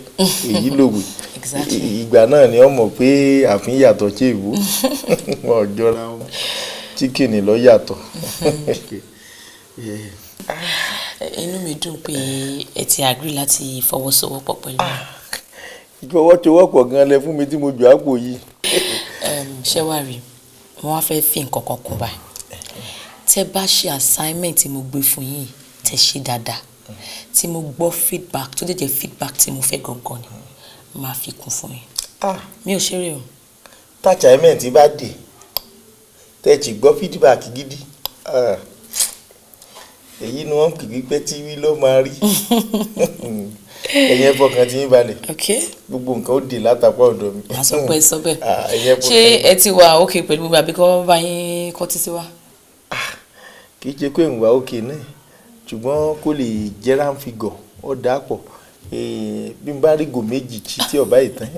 èyí lòwè ìgbà náà ni ọmọ pé àfin yàtọ̀ tí èbó wọn jọra tí kìnìún lọ yàtọ̀. inú mi dùn pé ẹ ti agree láti fọwọ́sowọ́pọ̀ pẹ̀lú mi. ìfọwọ́sowọ́pọ̀ gan-an lẹ fún mi tí mo jù àpò yìí. ṣé wàá rí fẹ́ẹ́ fi nǹkan kan kún bá tẹ bá ṣe assignment tí mo gbé fún yín tẹ ṣe dáadáa tí mo gbọ́ feedback tó jẹ́jẹ́ feedback tí mo fẹ́ gangan ni máa fi kún fún yín ah. mi ò ṣeré o. tá assignment bá dé tẹ ti gbọ́ feedback gidi. Uh èyí ni wọ́n kìí pé tíwí ló máa rí ẹ̀yin fọkàn tí yín balẹ̀ gbogbo nǹkan ó dè látàpá ọ̀dọ̀ mi. a sọ pé sọ bẹ́ẹ̀ ah, ṣé ẹ ti wà òkè pẹ̀lú gbogbo àbíkọ́ bá yín kọ́ títí wá. Ah, kì í ṣe pé ìwà òkè náà ṣùgbọ́n kó lè jẹ́ra ń gọ̀ ọ́ dà bí n bá rí gò méjì tí tí ọba ìtàn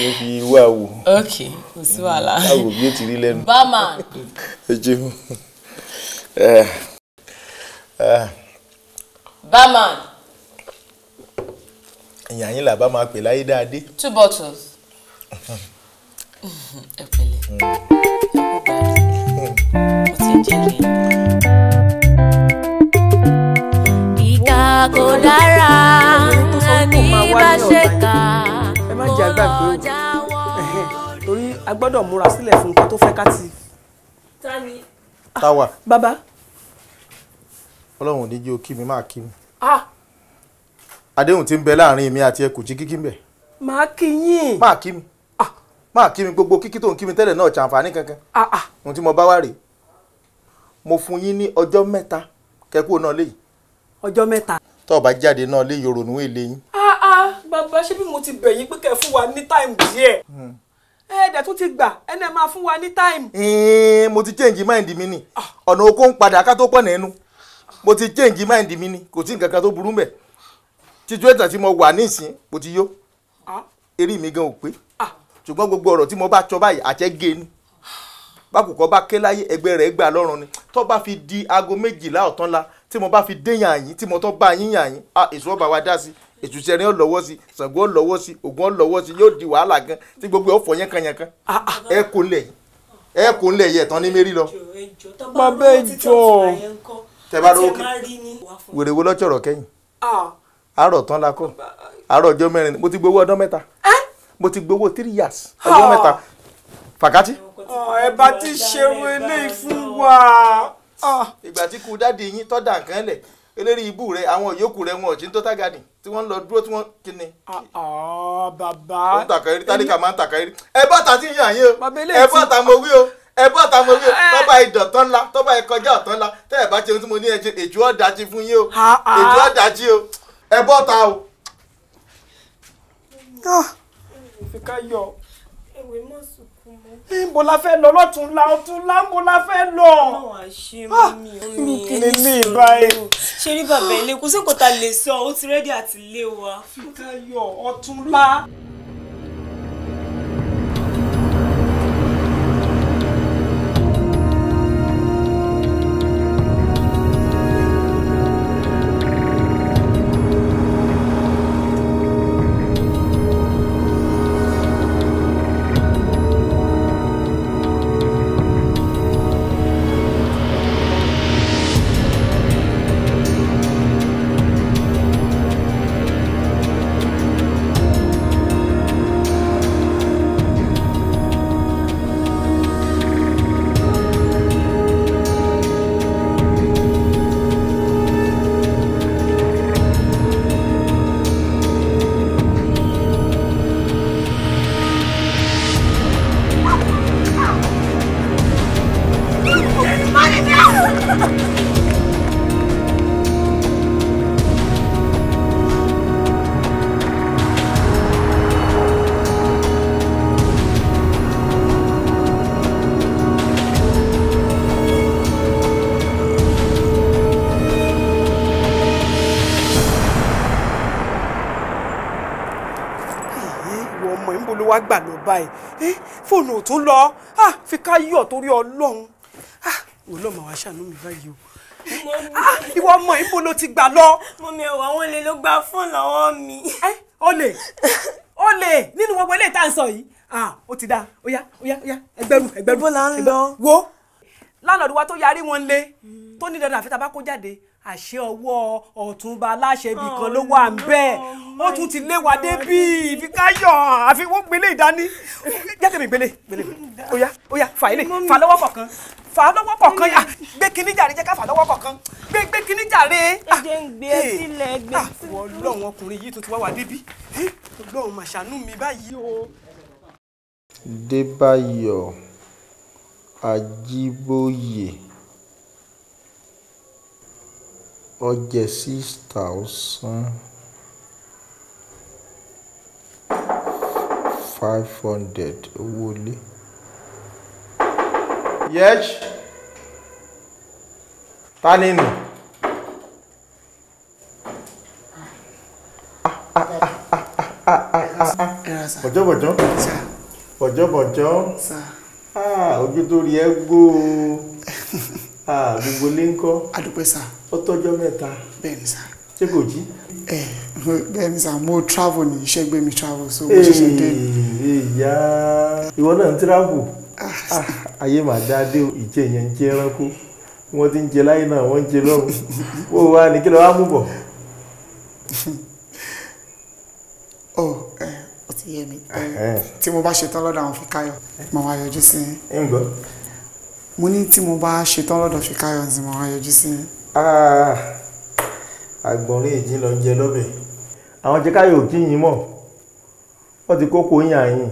ló fi wá wò. ok kò sí wàhálà. a bí ó ti rí lẹ́nu. bámà. ẹ jẹun barman. ìyá yín làbá máa pè láyé dáadé. two bottles. ẹ pẹ̀lẹ́ ẹ kú bàárẹ mo ti jẹ kí n. ìkà kò dára ẹni bá ṣe kà kò jáwọ́ torí a gbọ́dọ̀ múra sílẹ̀ fún nǹkan tó fẹ́ ká ti. ta ni. táwa. bàbá ọlọ́run ò ní jẹ́ òkí mi máa kí mi. Ah! àdéhùn tí ń bẹ láàrin mi àti ẹkùn jí kíkí ń bẹ. máa kí yín. máa kí mi ah! máa kí mi gbogbo kíkí tó ń kí mi tẹ́lẹ̀ náà ṣàǹfààní kankan. Ah, ohun tí mo bá wá rèé mo fún yín ní ọjọ́ mẹ́ta kẹ́kọ̀ọ́ náà léyìí. ọjọ́ mẹ́ta. tó o bá jáde náà léyìí ronú èlé yín. bàbá ṣé bí mo ti bẹ̀ yín pé kẹ́ ẹ fún wa ní táìmù díẹ̀ hmm. ẹ ẹ̀dẹ̀ tún ti gbà ẹni máa fún wa ní táìmù. mo ti change mind mi ni ọ̀nà oko ń padà ká tó pọ̀ nínú mo ti change mind mi ni kò sí nǹkan kan tó burú mẹ́ situation tí mo wà nísìn mo ti yó ah. eré mi gan ò pé ah. ṣùgbọ́n gbogbo ọ̀rọ̀ tí mo bá tọ́ báyìí àtẹ́ gé ni bákùkọ bá ké láyé ẹgbẹ́ rẹ̀ gbà lọ́rùn ni tó bá fi di aago méjìlá ọ̀tán la tí mo bá fi déyàn àyín tí mo tọ́ bá yín yàn àyín ah, èso ọba wa dá sí ètò ìṣẹ̀rin ọ̀ sí Ṣàngó ọ̀ sí Ògún ọ̀ sí yóò di wàhálà gan tí gbogbo ọ̀fọ̀ yẹn kan yẹn kan ẹ kò lẹ̀ ẹ kò lẹ̀ yẹ̀ tán ní mérí lọ. bàbá ìjọ tẹ bá lówó kí wèrè wo lọ́jọ́rọ̀ kẹ́yìn ah. àárọ̀ tán la kọ́ àárọ̀ ọjọ́ mẹ́rin mo ti gbowó ọdún mẹ́ta mo ti gbowó three years ọjọ́ ah. mẹ́ta fàkátì. Ah, ẹ bá ti ṣerú eléyìí fún wa. ìgbà tí kú dáàdi yín tọ́ dà nǹkan lẹ̀ eléri ibú rẹ àwọn yòókù rẹ wọn ò jí ń tó tágàdì tí wọ́n ń lọ dúró tí wọ́n kí ni. bàbá ó ń tàkàrí tálíkà máa ń tàkàrí ẹ bá ta ti ń yàn yín o ẹ bá ta mo wí o ẹ bọ́ ta mo wí tọ́ba ìdàn tán la tọ́ba ìkọjá ọ̀tán la tẹ́ ẹ bá ṣe ohun tí mo ní ẹ ṣe èjú fún yín o èjú ọ̀dájí o ẹ bọ́ ta o. Ah. níbo la fẹ́ lọ lọ́tún la ọtún la níbo la fẹ́ lọ. Ah, mi ò ní ẹni sọ̀rọ̀ ṣe rí bàbá ilé kò sí kò lè sọ ó ti rẹ́dí àti lé wa. ìfikà yọ ọtún la. fóònù ò tún lọ fi ká yọ̀ torí ọlọ́run ọlọ́run máa wá ṣàánú mi báyìí o ìwọ ọmọ ìbò ló ti gbà lọ. mo mi ẹwà wọn lè ló gba fóònù lọ́wọ́ mi. olè olè nínú gbogbo ilé ìta ń sọ yìí ó ti dáa ó yá ó yá ó yá ẹgbẹ́rù ẹgbẹ́rù. bó la ń lọ. wo lánàá wa tó yarí wọn lé tó ní dandan àfi tá a bá kó jáde àṣẹ ọwọ́ ọ̀túnba aláṣẹbí kan ló oh, wà ń bẹ́ẹ̀ ó tún ti lé wa débí ìfikáyọ̀ àfi wọ́n gbélé ìdání jẹ́tẹ̀ gbélé gbélé ó yá fà ilé fà lọ́wọ́ kọ̀ọ̀kan fà lọ́wọ́ kọ̀ọ̀kan yà ah, gbé kíní jàre jẹ́ ká fà lọ́wọ́ kọ̀ọ̀kan gbé gbé kíní jàre. ẹ ń gbé ẹ ah, sílẹ̀ gbé ah, sílẹ̀. ọlọ́run ọkùnrin yìí tó wá wà débí ọlọ́run mà mi báyìí o. Débáyọ̀ Ajíbóyè. ó six thousand five hundred owó ilé. yẹ́j ta ni nù. bọ̀jọ̀bọ̀jọ̀ bọ̀jọ̀bọ̀jọ̀ ah, ojú tó rí ẹ gbó o gbogbo ilé ń kọ́. adúpẹ́ sà. ó tọ́jọ́ mẹ́ta. bẹ́ẹ̀ ni sà. ṣé kò jí. ẹ bẹ́ẹ̀ ni sà mo travel ní iṣẹ́ gbé mi travel so mo ṣẹ̀ṣẹ̀ dé. ìyá ìwọ náà ń travel ah, ah, ayé màá dá dé ìjẹ yẹn ń jẹ ẹranko wọn ti ń jẹ láyé náà wọn ń jẹ lọ́run wọ́n wá ní kí ló wá mú bọ̀. ọ oh, ẹ ó ti yé mi tí mo bá ṣetán lọ́dọ̀ àwọn Fíkáyọ̀ màá wá yọjú sí i. ẹ ń gbọ́ mo ní tí mo bá ṣetán lọ́dọ̀ Fíkáyọ̀ tí mo wá yọjú sí yín. Ah, àgbọ̀nrín èjì lọ jẹ lọ́bẹ̀ àwọn jẹ́ káyọ̀ kí yín mọ̀ wọ́n ti kókó yín àyìn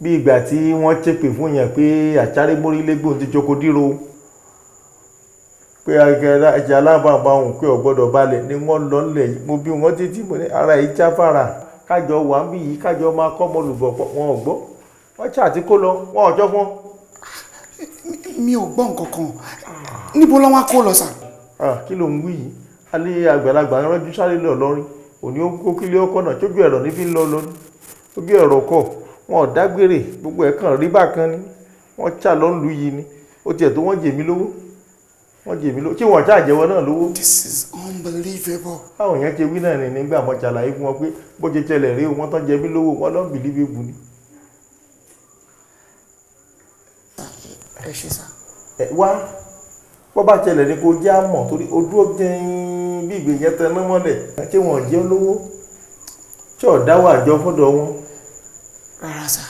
bí ìgbà tí wọ́n ṣépè fún yàn pé àṣàrí mórílẹ́gbọ̀n ti jókòó dírò pé ẹ̀jẹ̀ alábàbà òun pé ọ̀gbọ́dọ̀ balẹ̀ ni wọ́n lọ lẹ̀ mo bí wọ́n títí mo ní ara yìí jáfàrà kájọ wà ń bí yìí kájọ máa kọ́ mọ́lùbọ̀ wọn ò gbọ́ wọ́n ṣàtìkó lọ wọn ò jọ́ fún wọn mi ò gbọ́ nǹkan kan níbo lọ́wọ́ á kó lọ sà. kí ló ń wí yìí alẹ́ àgbàlagbà rọ́jú sáré lọ lọ́rin òní ó kó kílé ọkọ̀ náà tójú ẹ̀rọ ní fi ń lọ lọ́ni tójú ẹ̀rọ kọ̀ wọn ò dágbére gbogbo ẹ̀ kàn rí bákan ni wọ́n ṣà lọ́ ń lu yìí ni ó tiẹ̀ tó wọ́n jèmi lówó wọ́n jèmi lówó tí wọ́n ṣà jẹ́wọ́ náà lówó. this is unbelievable. báwọn yẹn ti wí náà ni nígbà mọ́ṣáláyé fún wọn pé bó ṣe ṣẹlẹ̀ rí wọn tán jẹ mí lówó wọn lọ́n bìlíbi bù ni. ẹ ṣe sá. ẹ wá bọ́ bá tẹlẹ̀ ní kó jẹ́ àmọ̀ torí o dúró gẹ́yìn bí ìgbè yẹn tẹ ná mọ́lẹ̀ ṣé wọn jẹ́ olówó ṣé ọ̀dáwọ̀ àjọ fọ́dọ̀ wọn. rárá sá.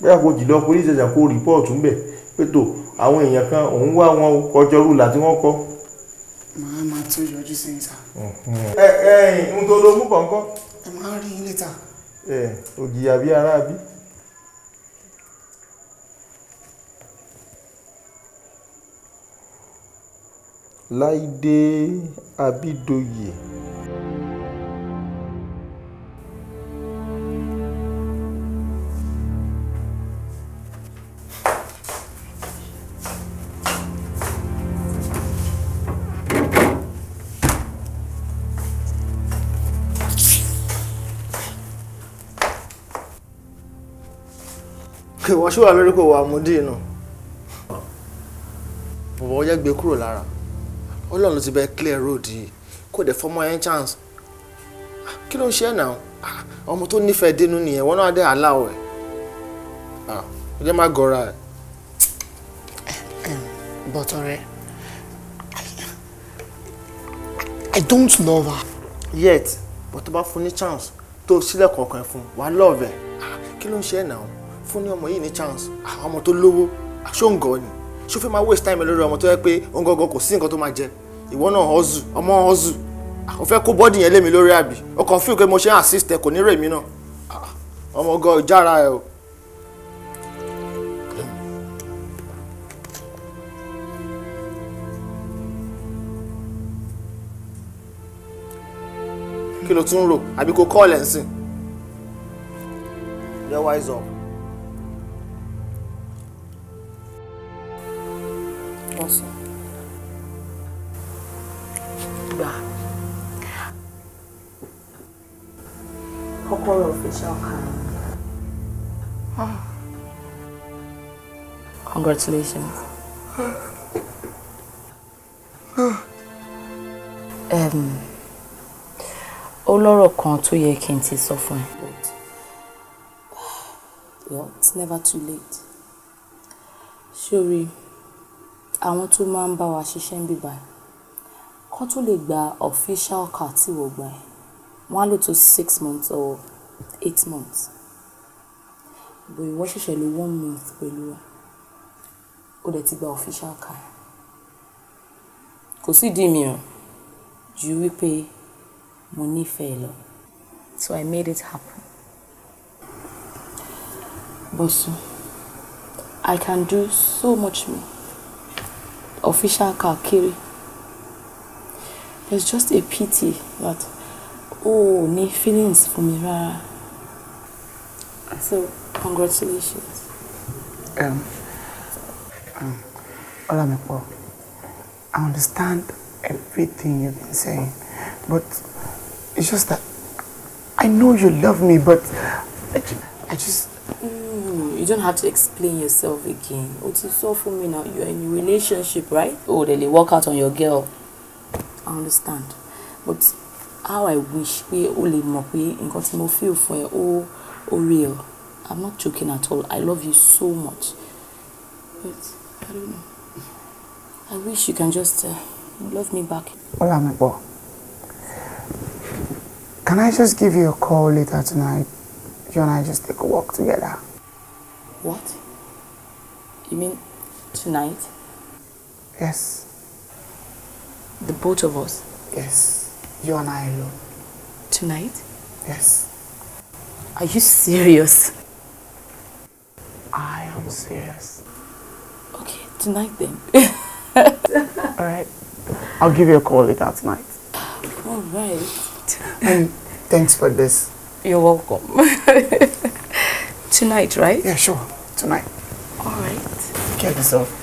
bóyá kò jìlọ police station kó rìpọ́ọ̀tù ńbẹ̀ pé tó àwọn èèyàn kan òun wá wọn kọjọrú làtí wọ́n kọ́. màá máa tún yọjú sí ní sá. ẹ ẹ ń tó lo mú kọ̀ọ̀kan. ẹ máa rí ilé ta. ẹ òjìyà bíi aráabí. láìdé àbídòye ìwọ ṣúwà lórí kò wà mú dì náà bọ̀bọ̀ ọjọ́ gbé kúrò lára ọlọ́run ló ti bẹ́ẹ̀ clear road yìí kò dé fọmọ ẹ̀ chance ah, kí ló ń ṣe ẹ̀ náà ah, ọmọ tó nífẹ̀ẹ́ dénú nìyẹn wọn náà dé aláwọ̀ ẹ̀ ó ah, jẹ́ má gọra ẹ̀. bọ́tọ̀ rẹ I don't love her. yet but tó bá fún ní chance tó sílẹ̀ kọ̀ọ̀kan fún wàá love ẹ̀ kí ló ń ṣe ẹ̀ náà fún ní ọmọ yìí ní chance ọmọ tó lówó ṣó ń gọ ni ṣó fẹ́ máa waste time lórí ọmọ tó yẹ pé òun gangan kò sí nǹkan tó máa jẹ ìwọ náà hustle ọmọ hustle àwọn ah, fẹ́ kó bọ́dì yẹn lé mi lórí àbí ọkàn fún ìpè mo ṣe ń assist ẹ kò ní rèmi náà ah, ọmọ ọgọ ìjára ẹ o. kí ló tún rò àbí kò kọ́ ọ̀lẹ̀ ń sìn. yẹ wise up. Awesome gbà kọ́kọ́rọ́ facial card. Congratulations. Ah. Ah. um, ó lọ́rọ̀ kan tó yẹ kí n ti sọ fún ẹ. it's never too late. Ṣé o rí àwọn tó máa ń bá wa ṣiṣẹ́ ń bíbáyìí? kán tó lè gba official car tí wọ́n gbà ẹ̀ wọ́n á lò tó six months or eight months bò ìwọ ṣẹ̀ṣẹ̀ lò one month pẹ̀lú ẹ̀ ó dẹ̀ ti gba official car kò sídìí mìíràn ju wípé mo nífẹ̀ẹ́ lọ so I made it happen. Bọ́sùn I can do so much more official car kiri. it's just a pity that oh new feelings for mi so congratulations. Um, um, I understand everything you've been saying, but it's just that I know you love me, but I, I just. Mm, you don't have to explain yourself again. It's sọ for mi now. You're in a relationship, right? Oh, they work out on your girl. I understand but how I wish we only we mọ̀ pé nǹkan feel for feel oh, real I'm not joking at all I love you so much but I don't know I wish you can just uh, love me back. Hola, my boy. Can I just give you a call later tonight? You and I just take a walk together. What? You mean tonight? Yes. The both of us? Yes. You and I alone. Tonight? Yes. Are you serious? I am serious. Okay, tonight then. Alright. I'll give you a call later tonight. Alright. And thanks for this. You're welcome. tonight, right? Yeah, sure. Tonight. Alright. Get yourself.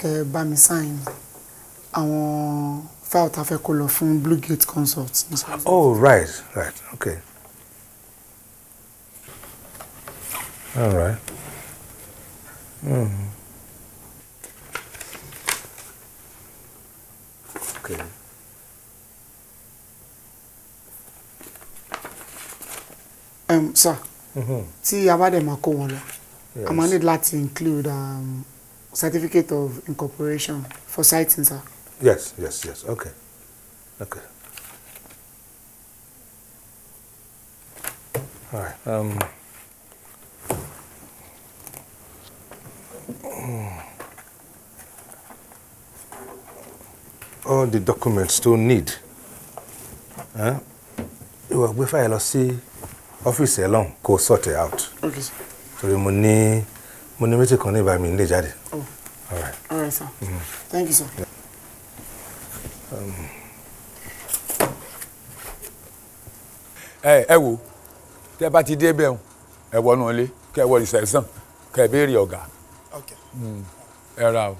kẹ́ ẹ bá mi sign àwọn fáwọn tá a fẹ́ kó lọ fún Blue Gate Consult. oh right right okay. all right. mm okay. um, sir mm-hmm. tí a See, I've had kó call. lọ a máa need láti include um, certificate of incorporation for sighting, sir. Yes, yes, yes. Okay. Okay. All right. Um, all the documents tó need. Huh? gbé fáìlì lọ sí Office alone. Go sort it out. Okay, sir. Torí mo ní mo ní méjì kan ní ìbá mi nílé jáde. Oh. all right all right sir mm. thank you sir. Um, ẹ ẹ wo tẹ bá ti dé bẹ́ẹ̀ ẹ wọnú ilé kẹ wọ ìṣẹ̀sán kẹ béèrè ọ̀gá mm, ẹ ra o.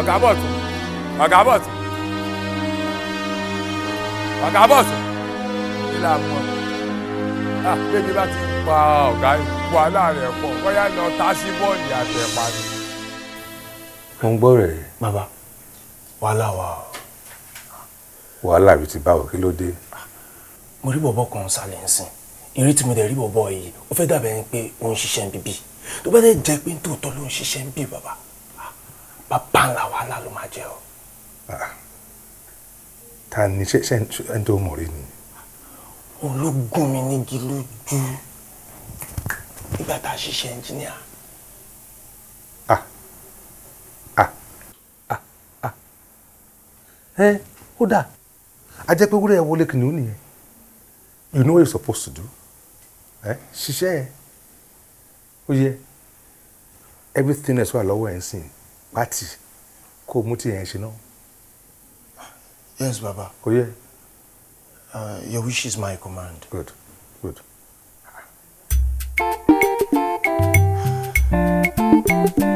ọ̀gá bọ̀ tún ọ̀gá bọ̀ tún ọ̀gá bọ̀ tún nílà mọ̀ bébí ah, bá ti pa ọ̀gá ipò aláàrẹ̀ pọ̀ bóyá lọ tá sí bọ́ọ̀lì àtẹ̀pá ni. mo ń gbọ́ rẹ̀ bàbá wàhálà wà ó. wàhálà rí ti báwo kí ló dé. mo rí bọ̀bọ̀ kan sálẹ̀ ń sìn ìrí tí mo dẹ̀ rí bọ̀bọ̀ yìí ó fẹ́ dàbẹ̀ ni pé ó ń ṣiṣẹ́ ń bíbí tó bá dẹ̀ jẹ́ pé ń ló ń ṣiṣẹ́ ń bí bàbá Ah. bàbá ah. ah. eh, you know what you're supposed to do eh? She said, ó yẹ everything is what lọ́wọ́ ẹ̀ ń sìn pátì kó o mú tìyẹn ṣe náà. yes baba. kò yẹ. Uh, your wish is my command. good good. thank ah. you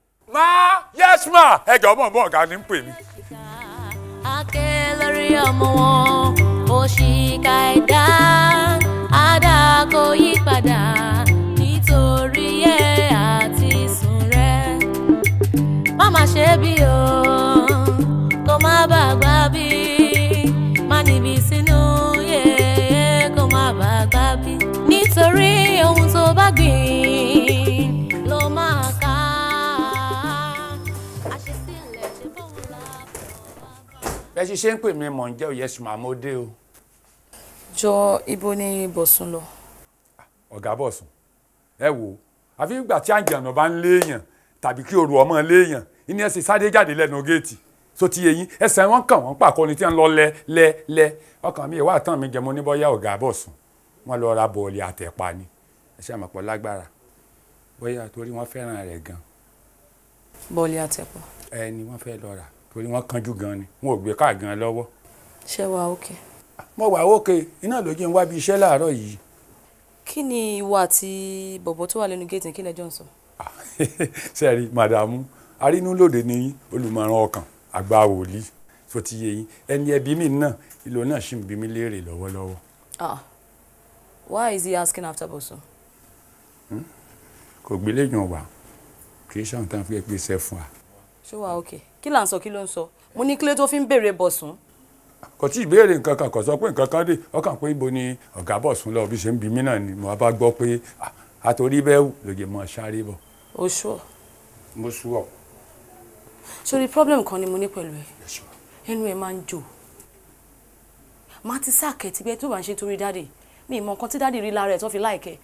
ma. yes ma ẹ jọ mọ̀ mọ̀ ọ̀gá ni ń pè mí. akẹ́ lórí ọmọ wọn òṣìkà ẹ̀dá àdá kò yí padà nítorí ẹ̀ àti sùn rẹ̀ má má ṣe bí o. bẹ́ẹ̀ ṣe ṣe ń pè mí mọ̀ ń jẹ́ òye sùn màmú dé o. jọ ibo ni bọ̀sùn lọ. ọ̀gá bọ̀sùn ẹ wo àfi ìgbà tí àǹjànà bá ń léèyàn tàbí kí òru ọmọ léèyàn ìní ẹsẹ̀ sáré jáde lẹ́nu géètì tó ti yẹ yín ẹsẹ̀ wọn kàn wọ́n pàkọ́ ni tí wọ́n lọ lẹ lẹ lẹ ọkàn mi ìwà àtàn mi jẹ mo ní bọ́yá ọ̀gá bọ̀sùn wọn lọ ra bọ̀ọ̀lì àtẹ̀pà ni ẹsẹ̀ àmọ̀pọ̀ lágbára bọ́yá torí wọ́n fẹ́ràn rẹ̀ gan. bọ́ọ̀lì àtẹ̀pà. ẹ ni wọ́n fẹ́ lọ rà torí wọ́n kanjú gan ni wọn ò gbé káà gan lọ́wọ́. ṣé wàá òkè. mo wà òkè iná ló jẹ́ ń wá bí iṣẹ́ láàárọ̀ yìí. kí ni ìwọ àti bọ̀bọ̀ tó wà lẹ́nu géètì kí lẹ́jọ́ ń sọ. sẹ́ẹ̀rì màdàmú arínúlòdè ni olùmọ̀ràn ọkàn àgbà wòlíì tó ti yé yín ẹni ẹbí mi náà ìlò náà ṣì ń bí mi léèrè lọ́wọ́lọ́wọ́. ah why is he asking after Bosun. Hmm? kò gbélé yan wá kì í ṣàǹtàn fún ẹ pé fún wa ṣé wàá òkè kí là ń sọ kí ló ń sọ mo ní kílé tó fi ń béèrè bọ̀sùn. kò tí ì béèrè nǹkan kan kò sọ pé nǹkan kan dé ọkàn pé ibo ni ọ̀gá bọ̀sùn lọ bí ṣe ń bi mí náà ni mo bá gbọ́ pé àtòrí bẹ́ẹ̀ lòdì mọ́ sáré bọ̀. o ṣùọ. mo ṣùọ. sori problem kan ni mo ní pẹ̀lú ẹ ẹnu ẹ máa ń jò máa ti sáàkẹ́ tipẹ́ tó bá ń ṣe torí dáàdì mi ìmọ̀ nǹkan tí dáàdì rí lára ẹ̀ tó fi láìkẹ́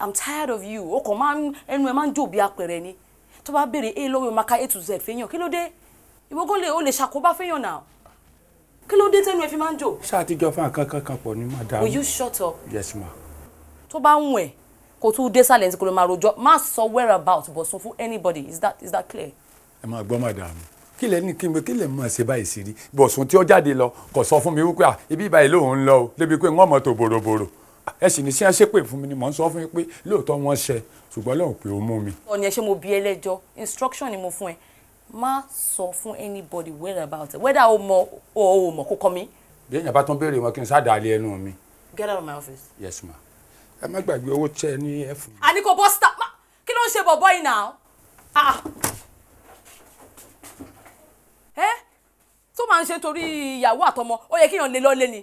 i'm tired of you ó kàn máa ń ẹnu ẹ máa ń jò bí apẹ̀rẹ̀ ni tó bá béèrè a lọ́wọ́ máa a to z fẹ́yàn kí ló dé ìwọ́gán lè o lè ṣàkóbá fẹ́yàn náà kí ló dé tẹnu ẹ fi máa ń jò. ṣáà ti fún àkàkà kan pọ̀ ní madam. will you shut up. yes ma. tó bá ń wẹ̀ kó tún dé sálẹ̀ ní kó ló máa rojọ́ má sọ whereabout bọ̀ sọ fún anybody is that is that clear. ẹ máa gbọ́ madam kí lẹ ní kí kí lẹ mọ̀ ṣe báyìí sí rí bọ̀sùn tí ó jáde lọ kò sọ fún mi wípé ibi ìbáyìí lòun ń lọ o débi pé wọ́n mọ̀ tó bòròbòrò ẹsìn ní sí ẹ ṣépè fún mi ni mò ń sọ fún yín pé lóòótọ́ wọ́n ṣe ṣùgbọ́n lóun pé ó mú mi. ọ̀nì ẹ̀ mo bí ẹlẹ́jọ́ instruction ni mo fún ẹ má sọ fún anybody where about it whether o mọ o ò mọ kó kọ mi. bí èèyàn bá tún béèrè wọn kí n sáàdà alẹ́ ẹnu mi. get out of my office. yes ma ẹ má gbàgbé owó tẹ ní ẹ fún mi. àní kò bọ́ sítá kí ló ń ṣe bọ̀bọ́ yìí náà. Ah, ah. ẹ tó máa ń ṣe torí ìyàwó àtọmọ ó yẹ kíyàn lè lọ lé ni.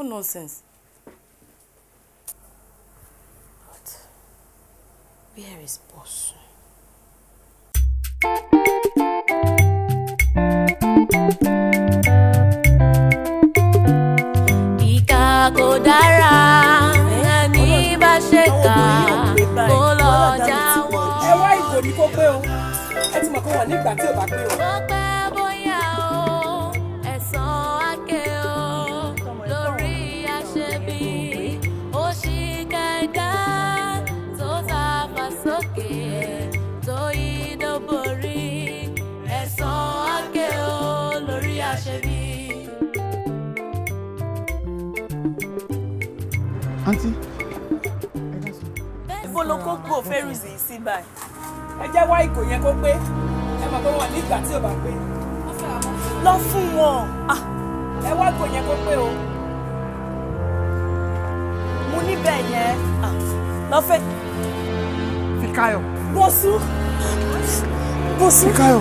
What nonsense? But where is boss? Ìkà kò dára ẹni bá ṣe kà kó lọ jáwọ́. Ẹ wá ìgò ní kó pé o, ẹ ti mọ̀ kó wọ̀ nígbà tí ò bá pé. àǹtí. ibo ló kó kú òférùsì yìí sí báyìí ẹ jẹ́ wá ìkò yẹn kó pé ẹ mọ̀ pé wọn nígbà tí ò bá pé lọ fún wọn ẹ wá ìkò yẹn kó pé o mo níbẹ̀ yẹn lọ́fẹ́. Fikayo. Bọ̀sú. Bọ̀sú. Fikayo.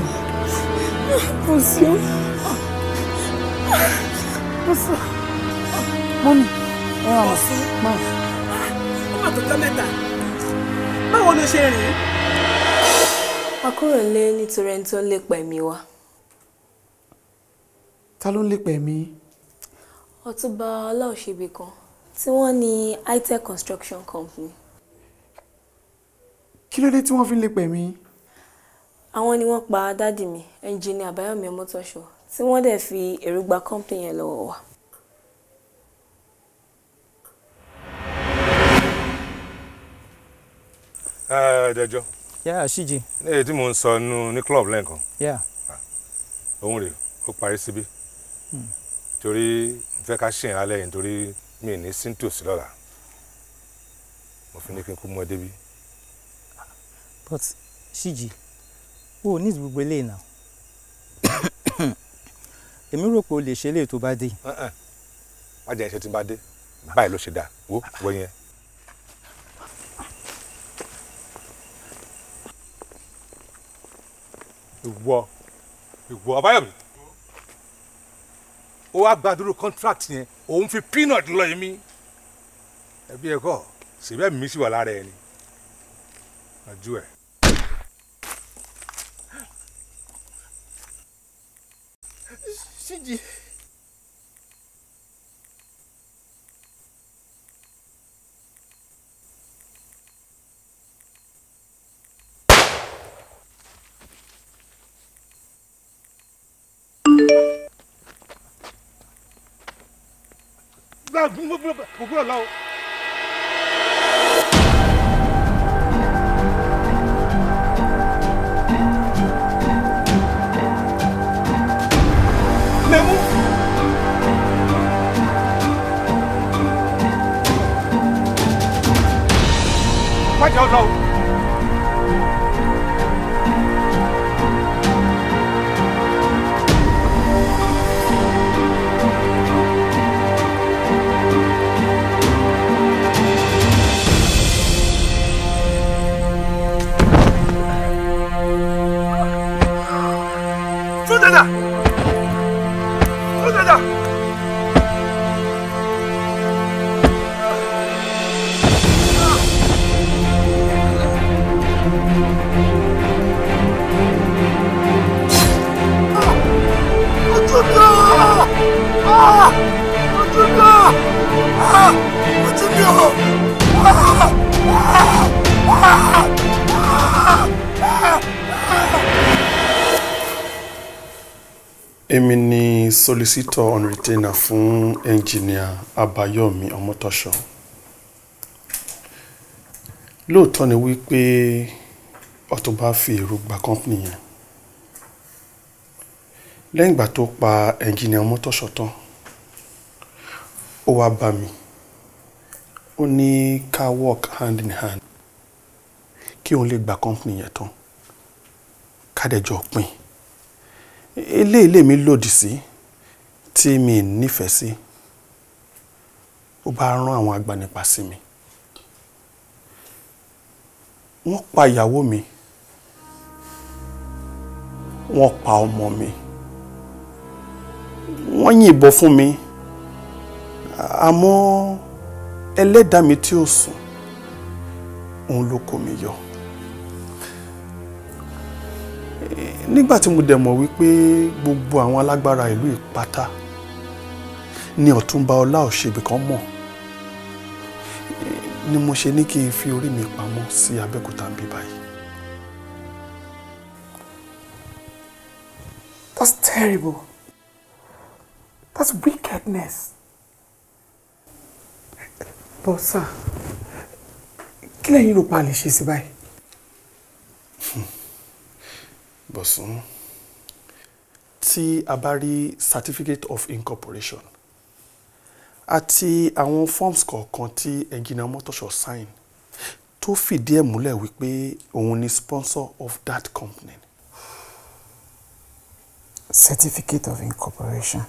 Bọ̀sú. Bọ̀sú. Mọ́mí mọ sí. mọ. ó mà tó jọ mẹ́ta báwo ló ṣe rìn. a kúrò lé nítorí ẹni tó ń lépa ẹ̀mí wa. ta ló ń lépa ẹ̀mí. ọ̀túnba ọláòṣèbí kan tí wọ́n ní itech construction company. kí ló dé tí wọ́n fi ń lépa ẹ̀mí. àwọn ni wọ́n pa dádì mi ẹnjìnìà àbáyọ̀mí ọmọtọ́ṣọ tí wọ́n dẹ̀ fi èròǹgbà company yẹn lọ́wọ́ wa. ẹ̀ẹ́dẹ́jọ́. yà á ṣíjì. ní èyí tí mò ń sọ nínú ní club lẹ́ẹ̀kan. yà. Ah. òun rèé ó parí síbí. Hmm. torí n fẹ́ ká ṣìn alẹ́ yìí nítorí mi ní síntòsí lọ́la mo fi ní kí n kú mọ́ débi. but ṣíjì o ò ní gbogbo eléyìí náà èmi rò pé o lè ṣe eléyìí tó bá dé. wájà iṣẹ́ tí n bá dé báyìí ló ṣe dáa wo wọ́n yẹn ìwọ ìwọ abáyọ̀mí ó wá gbàdúró contract yẹn òun fi peanut lọ yìí mí ẹbí ẹ kọ síbẹ̀ mi sì wà lára ẹ ni àjú ẹ. ṣíjì. là cũng cũng cũng lâu quách lâu lâu èmi ni solicitor on retainer fún engineer Abayomi Ọmọtọ́ṣọ lóòótọ́ ni wípé ọ̀túnba fi èrò gba company yẹn lẹ́yìn ìgbà tó pa engineer Ọmọtọ́ṣọ tán ó wá bá mi ó ní ká work hand in hand kí òun lè gba company yẹn tán ká dẹ̀ jọ pín ilé ilé mi lòdì sí tí mi nífẹ̀ẹ́ sí ó bá rán àwọn agbanipa sí mi wọ́n pa ìyàwó mi wọ́n pa ọmọ mi wọ́n yìnbọn fún mi àmọ́ ẹlẹ́dàá mi tí ó sùn òun ló kó mi yọ. nígbà tí mo dẹ̀ mọ̀ wípé gbogbo àwọn alágbára ìlú ìpátá ni ọ̀túnba ọlá òṣèbí kan mọ̀ ni mo ṣe ní kí n fi orí mi pamọ́ sí abẹ́òkúta ń bí báyìí. That's terrible. That's wickedness. But sir, kí lẹ́yìn rò pa lè ṣe sí báyìí? Bọ̀sún tí a bá rí certificate of incorporation àti àwọn forms kọ̀ọ̀kan tí engineer Motosho sign tó fìdí ẹ̀ múlẹ̀ wípé òun ni sponsor of that company. certificate of incorporation.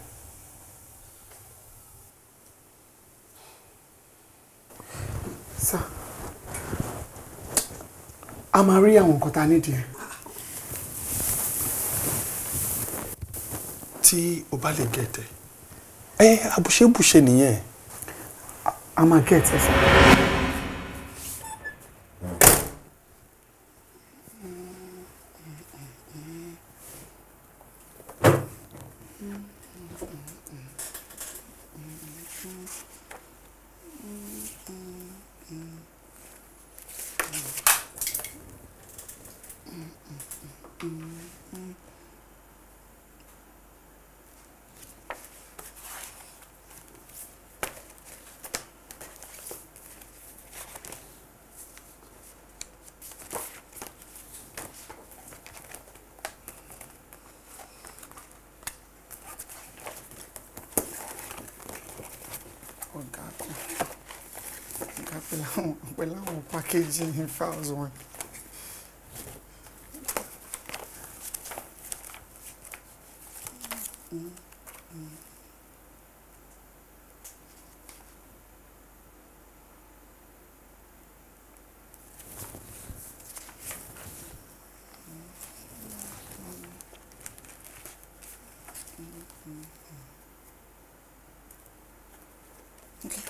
sir a máa rí àwọn nǹkan tá a nídìí. tí o bá lè gẹ̀tẹ̀ ẹ abùṣebùṣe nìyẹn. a máa gẹ̀tẹ̀ sọ. in here follows one. Okay.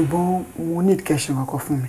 ṣùgbọ́n mo need kẹ́ ṣe kankan fún mi.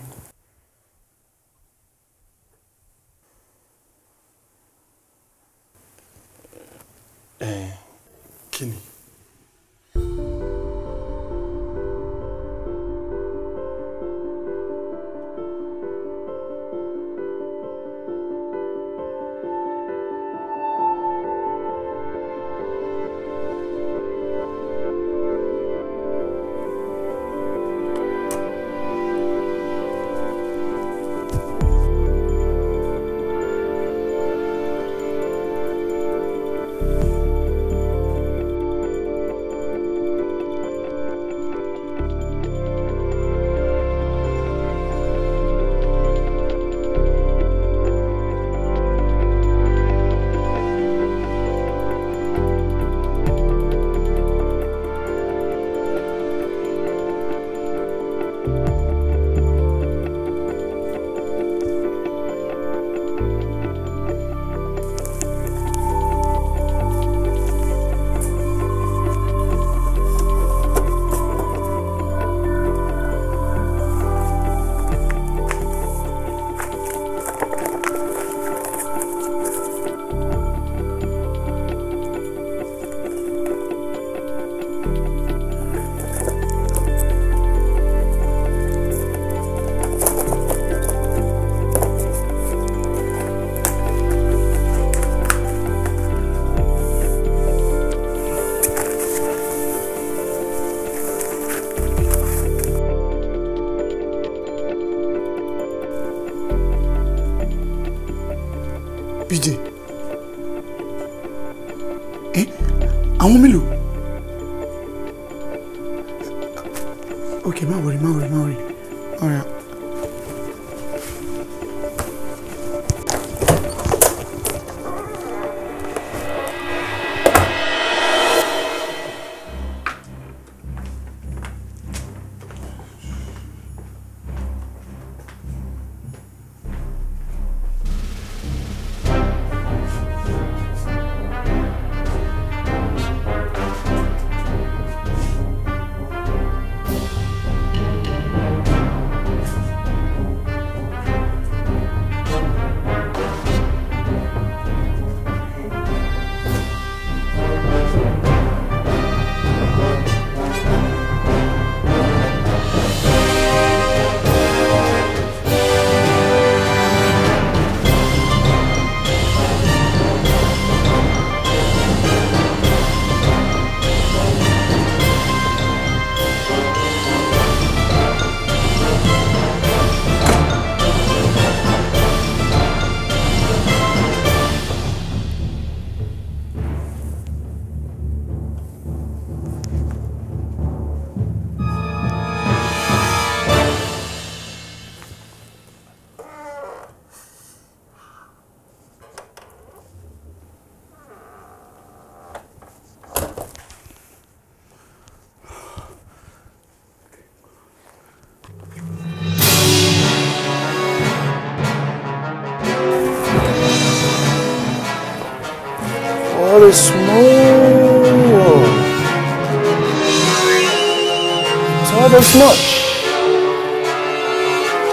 it's not.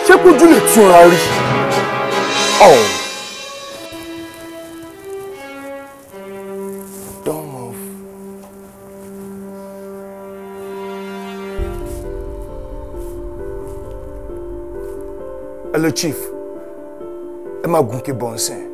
ṣé kójú lè túnra rí? ọ̀hún. Hello, Chief. Ẹ máa gùn kí bọ̀ ń sìn.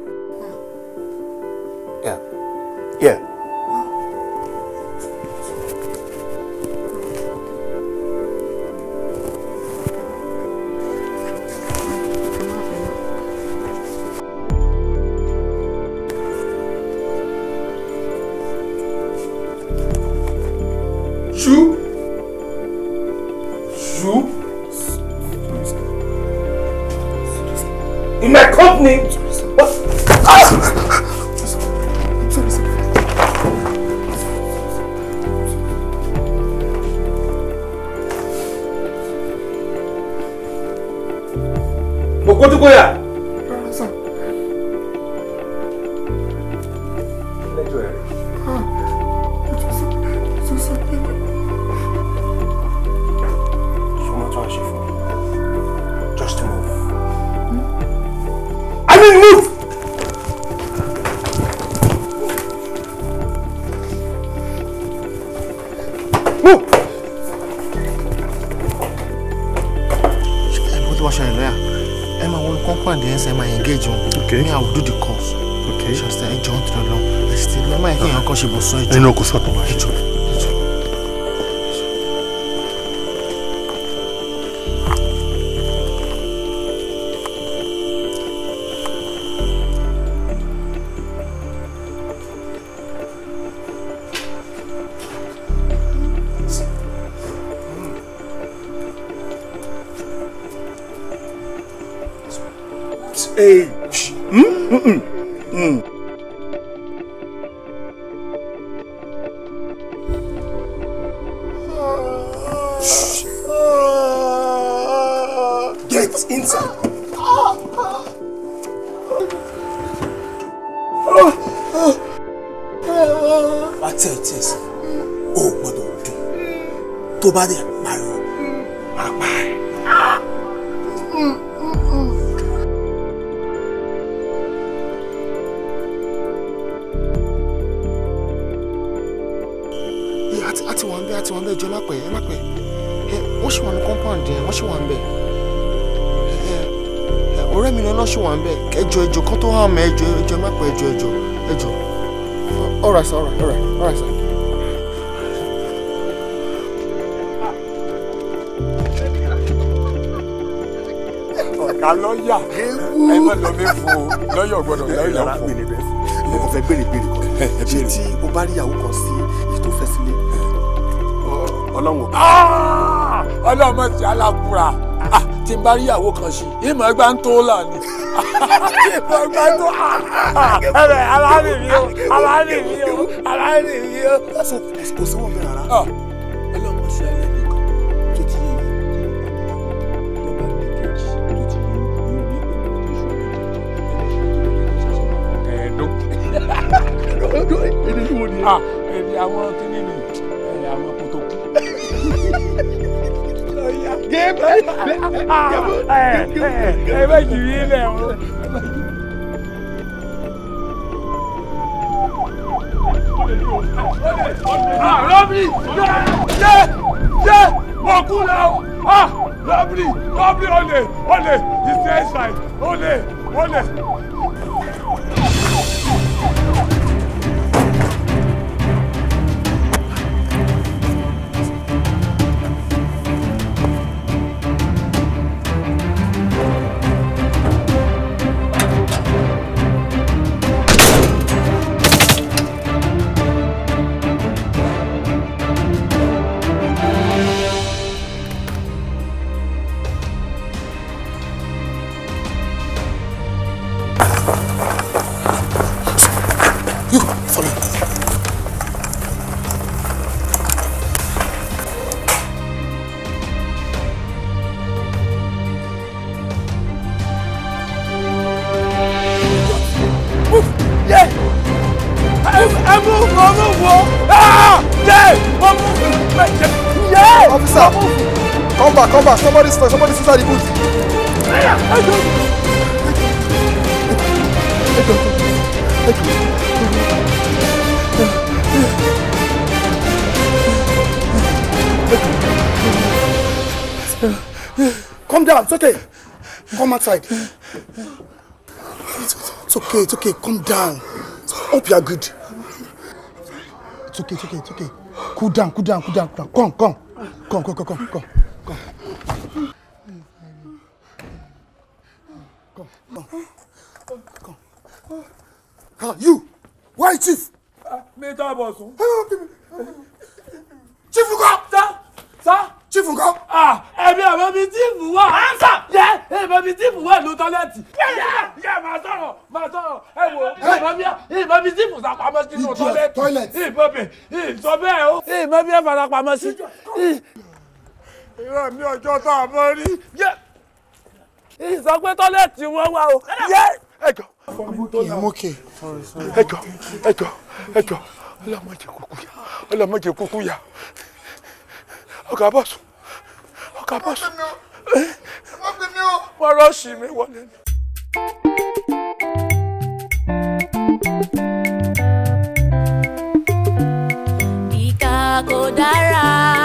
move. ẹni kó tó wá ṣẹlẹ̀ lọ́yà ẹ máa wọnú compound yẹn sẹ́ máa engage wọn mi I will do the calls ṣàṣẹ ẹ jọ ń tẹ̀lé lọ ẹ sì ti lọ́ọ́ máa kí èèyàn kọ́ ṣe bọ̀ sọ ẹ jọ ẹ Hey. Eh, mm, mm, mm, mm. Get inside. Wá tẹ̀ ẹ́ tẹ̀ sí, o ò gbọ́dọ̀ dùn. Tó bá dẹ̀ yà ẹ má lọ mí fún o lọ́yọ̀ gbọ́dọ̀ lọ́yọ̀ fún o. mo kàn fẹ́ béèrè béèrè kan ṣé tí o bá rí ìyàwó kan sí èyí tó fẹ́ sílé ọlọ́run ò bá. Ah! ọlọ́run ti alákùúra ah, tí n bá rí ìyàwó kan sí ìmọ̀ ẹgbà ń tó là ní. ìmọ̀ ẹgbà ń tó ah, ẹ̀rẹ̀ aláàrẹ̀ mi o aláàrẹ̀ mi o aláàrẹ̀ mi o. kò sí wọn bẹ̀rẹ̀ rárá. Come back, somebody's somebody's inside the booth. I don't. down, it's okay. Come outside. It's okay, it's okay, come down. Hope you are good. It's okay, it's okay, it's okay. Cool down, cool down, cool down, cool down. Come, come. Come, come, come, come, come. you. Why, Chief? Ah, mi ta bọ̀ sùn. Chief ńkọ́. Sá. Sá. Chief ńkọ́. Ẹ̀mi ọ̀rọ̀ mi Chief wà. Ansa. Yẹ ẹ̀mọ mi Chief wà ló tọ́lẹ́tì. Yẹ máa sọ̀rọ̀ máa sọ̀rọ̀ ẹ wo ìmọ̀ mi ìmọ̀ mi Chief sàpamọ́ sínú tọ́lẹ́tì. Ìbọn mi ìsọ bẹ́ẹ̀ o. Ìmọ̀ mi ẹ̀ farapamọ́ sí. Ìrọ̀ mi ọjọ́ tá a mọ̀ rí. Ìsọ pé tọ́lẹ́tì wọn wà o. Ẹ jọ. I'm okay. ẹ jọ̀ọ́ ẹ jọ̀ọ́ ẹ jọ̀ọ́ ọlọmọdé kúkú yá ọlọmọdé kúkú yá ọkà bọ́sù ọkà bọ́sù wọ́n rọ́ọ̀ṣì mi wọlé ni. ìkà kò dára.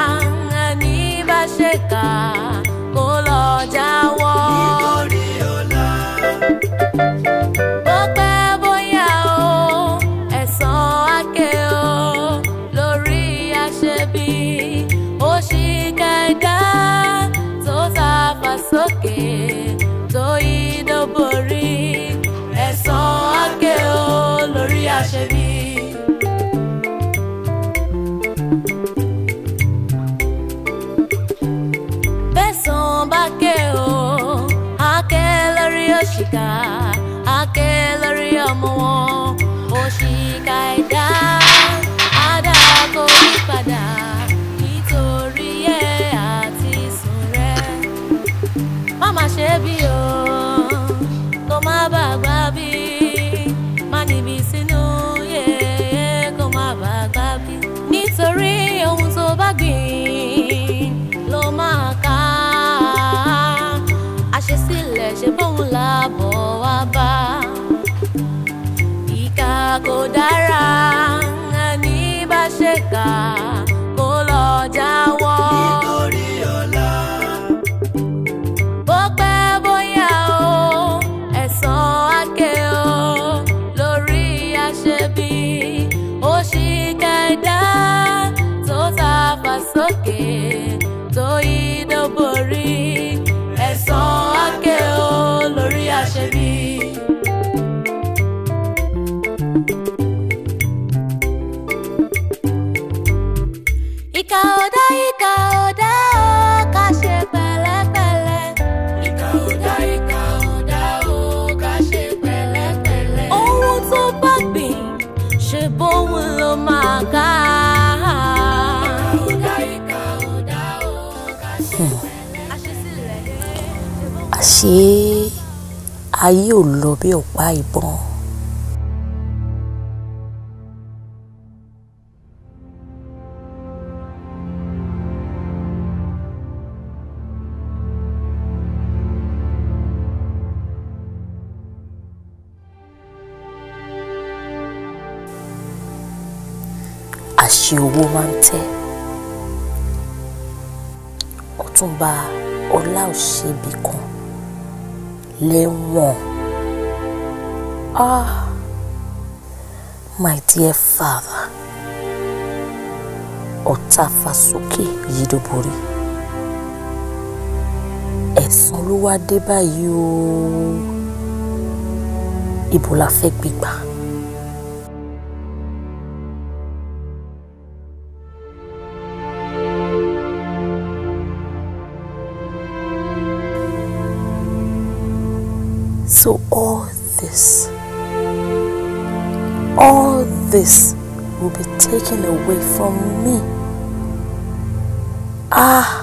òṣìkà àkè lórí ọmọ wọn òṣìkà ẹ̀dá àdá kò yí padà nítorí ẹ̀ àti sùn rẹ̀ má má ṣe bí o. chegar. ṣé ayé ò lọ bí ọ̀pá ìbọn. àṣì owó máa ń tẹ́ ọ̀túnba Le lẹ́wọ̀n. Ah, my dear father, Ọ̀tafàsókè Yídóborí, ẹ̀san ló wá dé báyìí o, ibo la fẹ́ gbígbà? this will be taken away from me. Ah!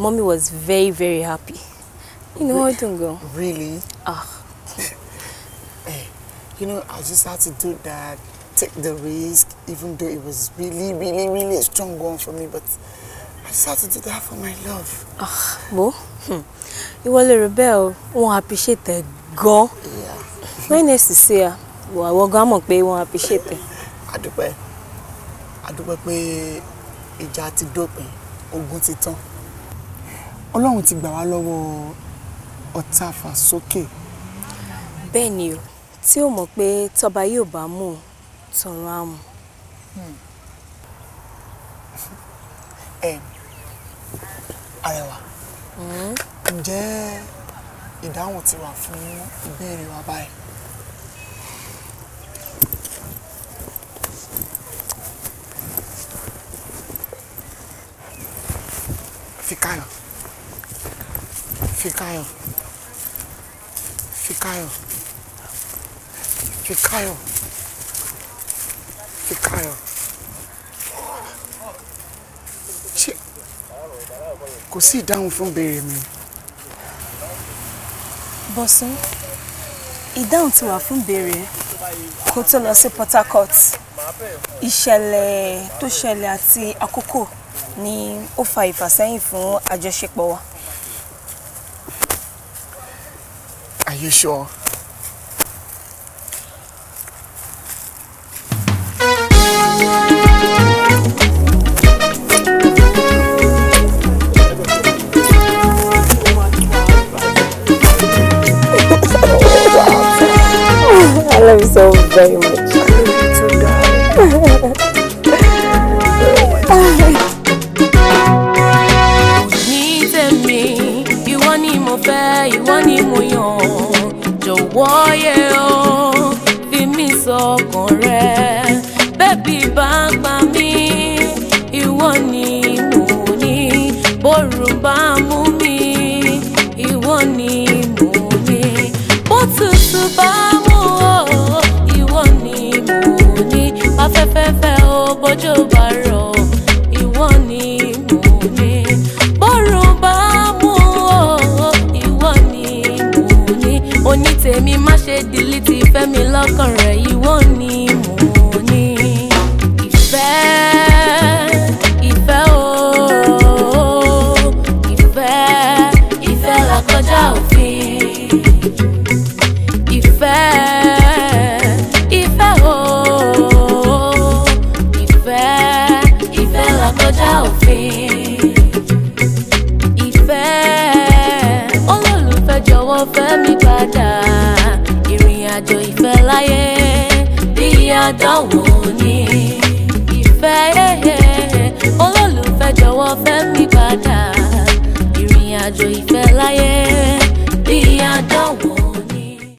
mommy was very very happy inú wọn dùn gan. really ah hey, eh, you know i just had to do that take the risk even though it was really really really a strong one for me but i just had to do that for my love. ah bo were a rebel won't appreciate go. Yeah. when next is here àwọn gan mọ̀ pé won't appreciate ẹ. adúpẹ́ adúpẹ́ pé ìjà ti dópin ogun ti tán ọlọ́run ti gbà wá lọ́wọ́ ọ̀tá fàsókè. bẹ́ẹ̀ ni o tí ó mọ̀ pé tọba yóò bá mú un tọ̀run á mú. Hmm. arẹwà hmm? ǹjẹ́ ìdáhùn ti wà fún ìbéèrè wa báyìí. Ficaram. Fikayo. Fikayo. Fikayo. Fikayo. Ṣé kò sí ìdáhùn fún ìbéèrè mi? Bọ̀sún, ìdáhùn ti wà fún ìbéèrè kó tó lọ sí Port Harcourt. Ìṣẹ̀lẹ̀ tó ṣẹlẹ̀ àti àkókò ni ó fa ìfàsẹ́yìn fún àjọṣepọ̀ wa. you sure? I love you so very much. I love you too, darling. yeah,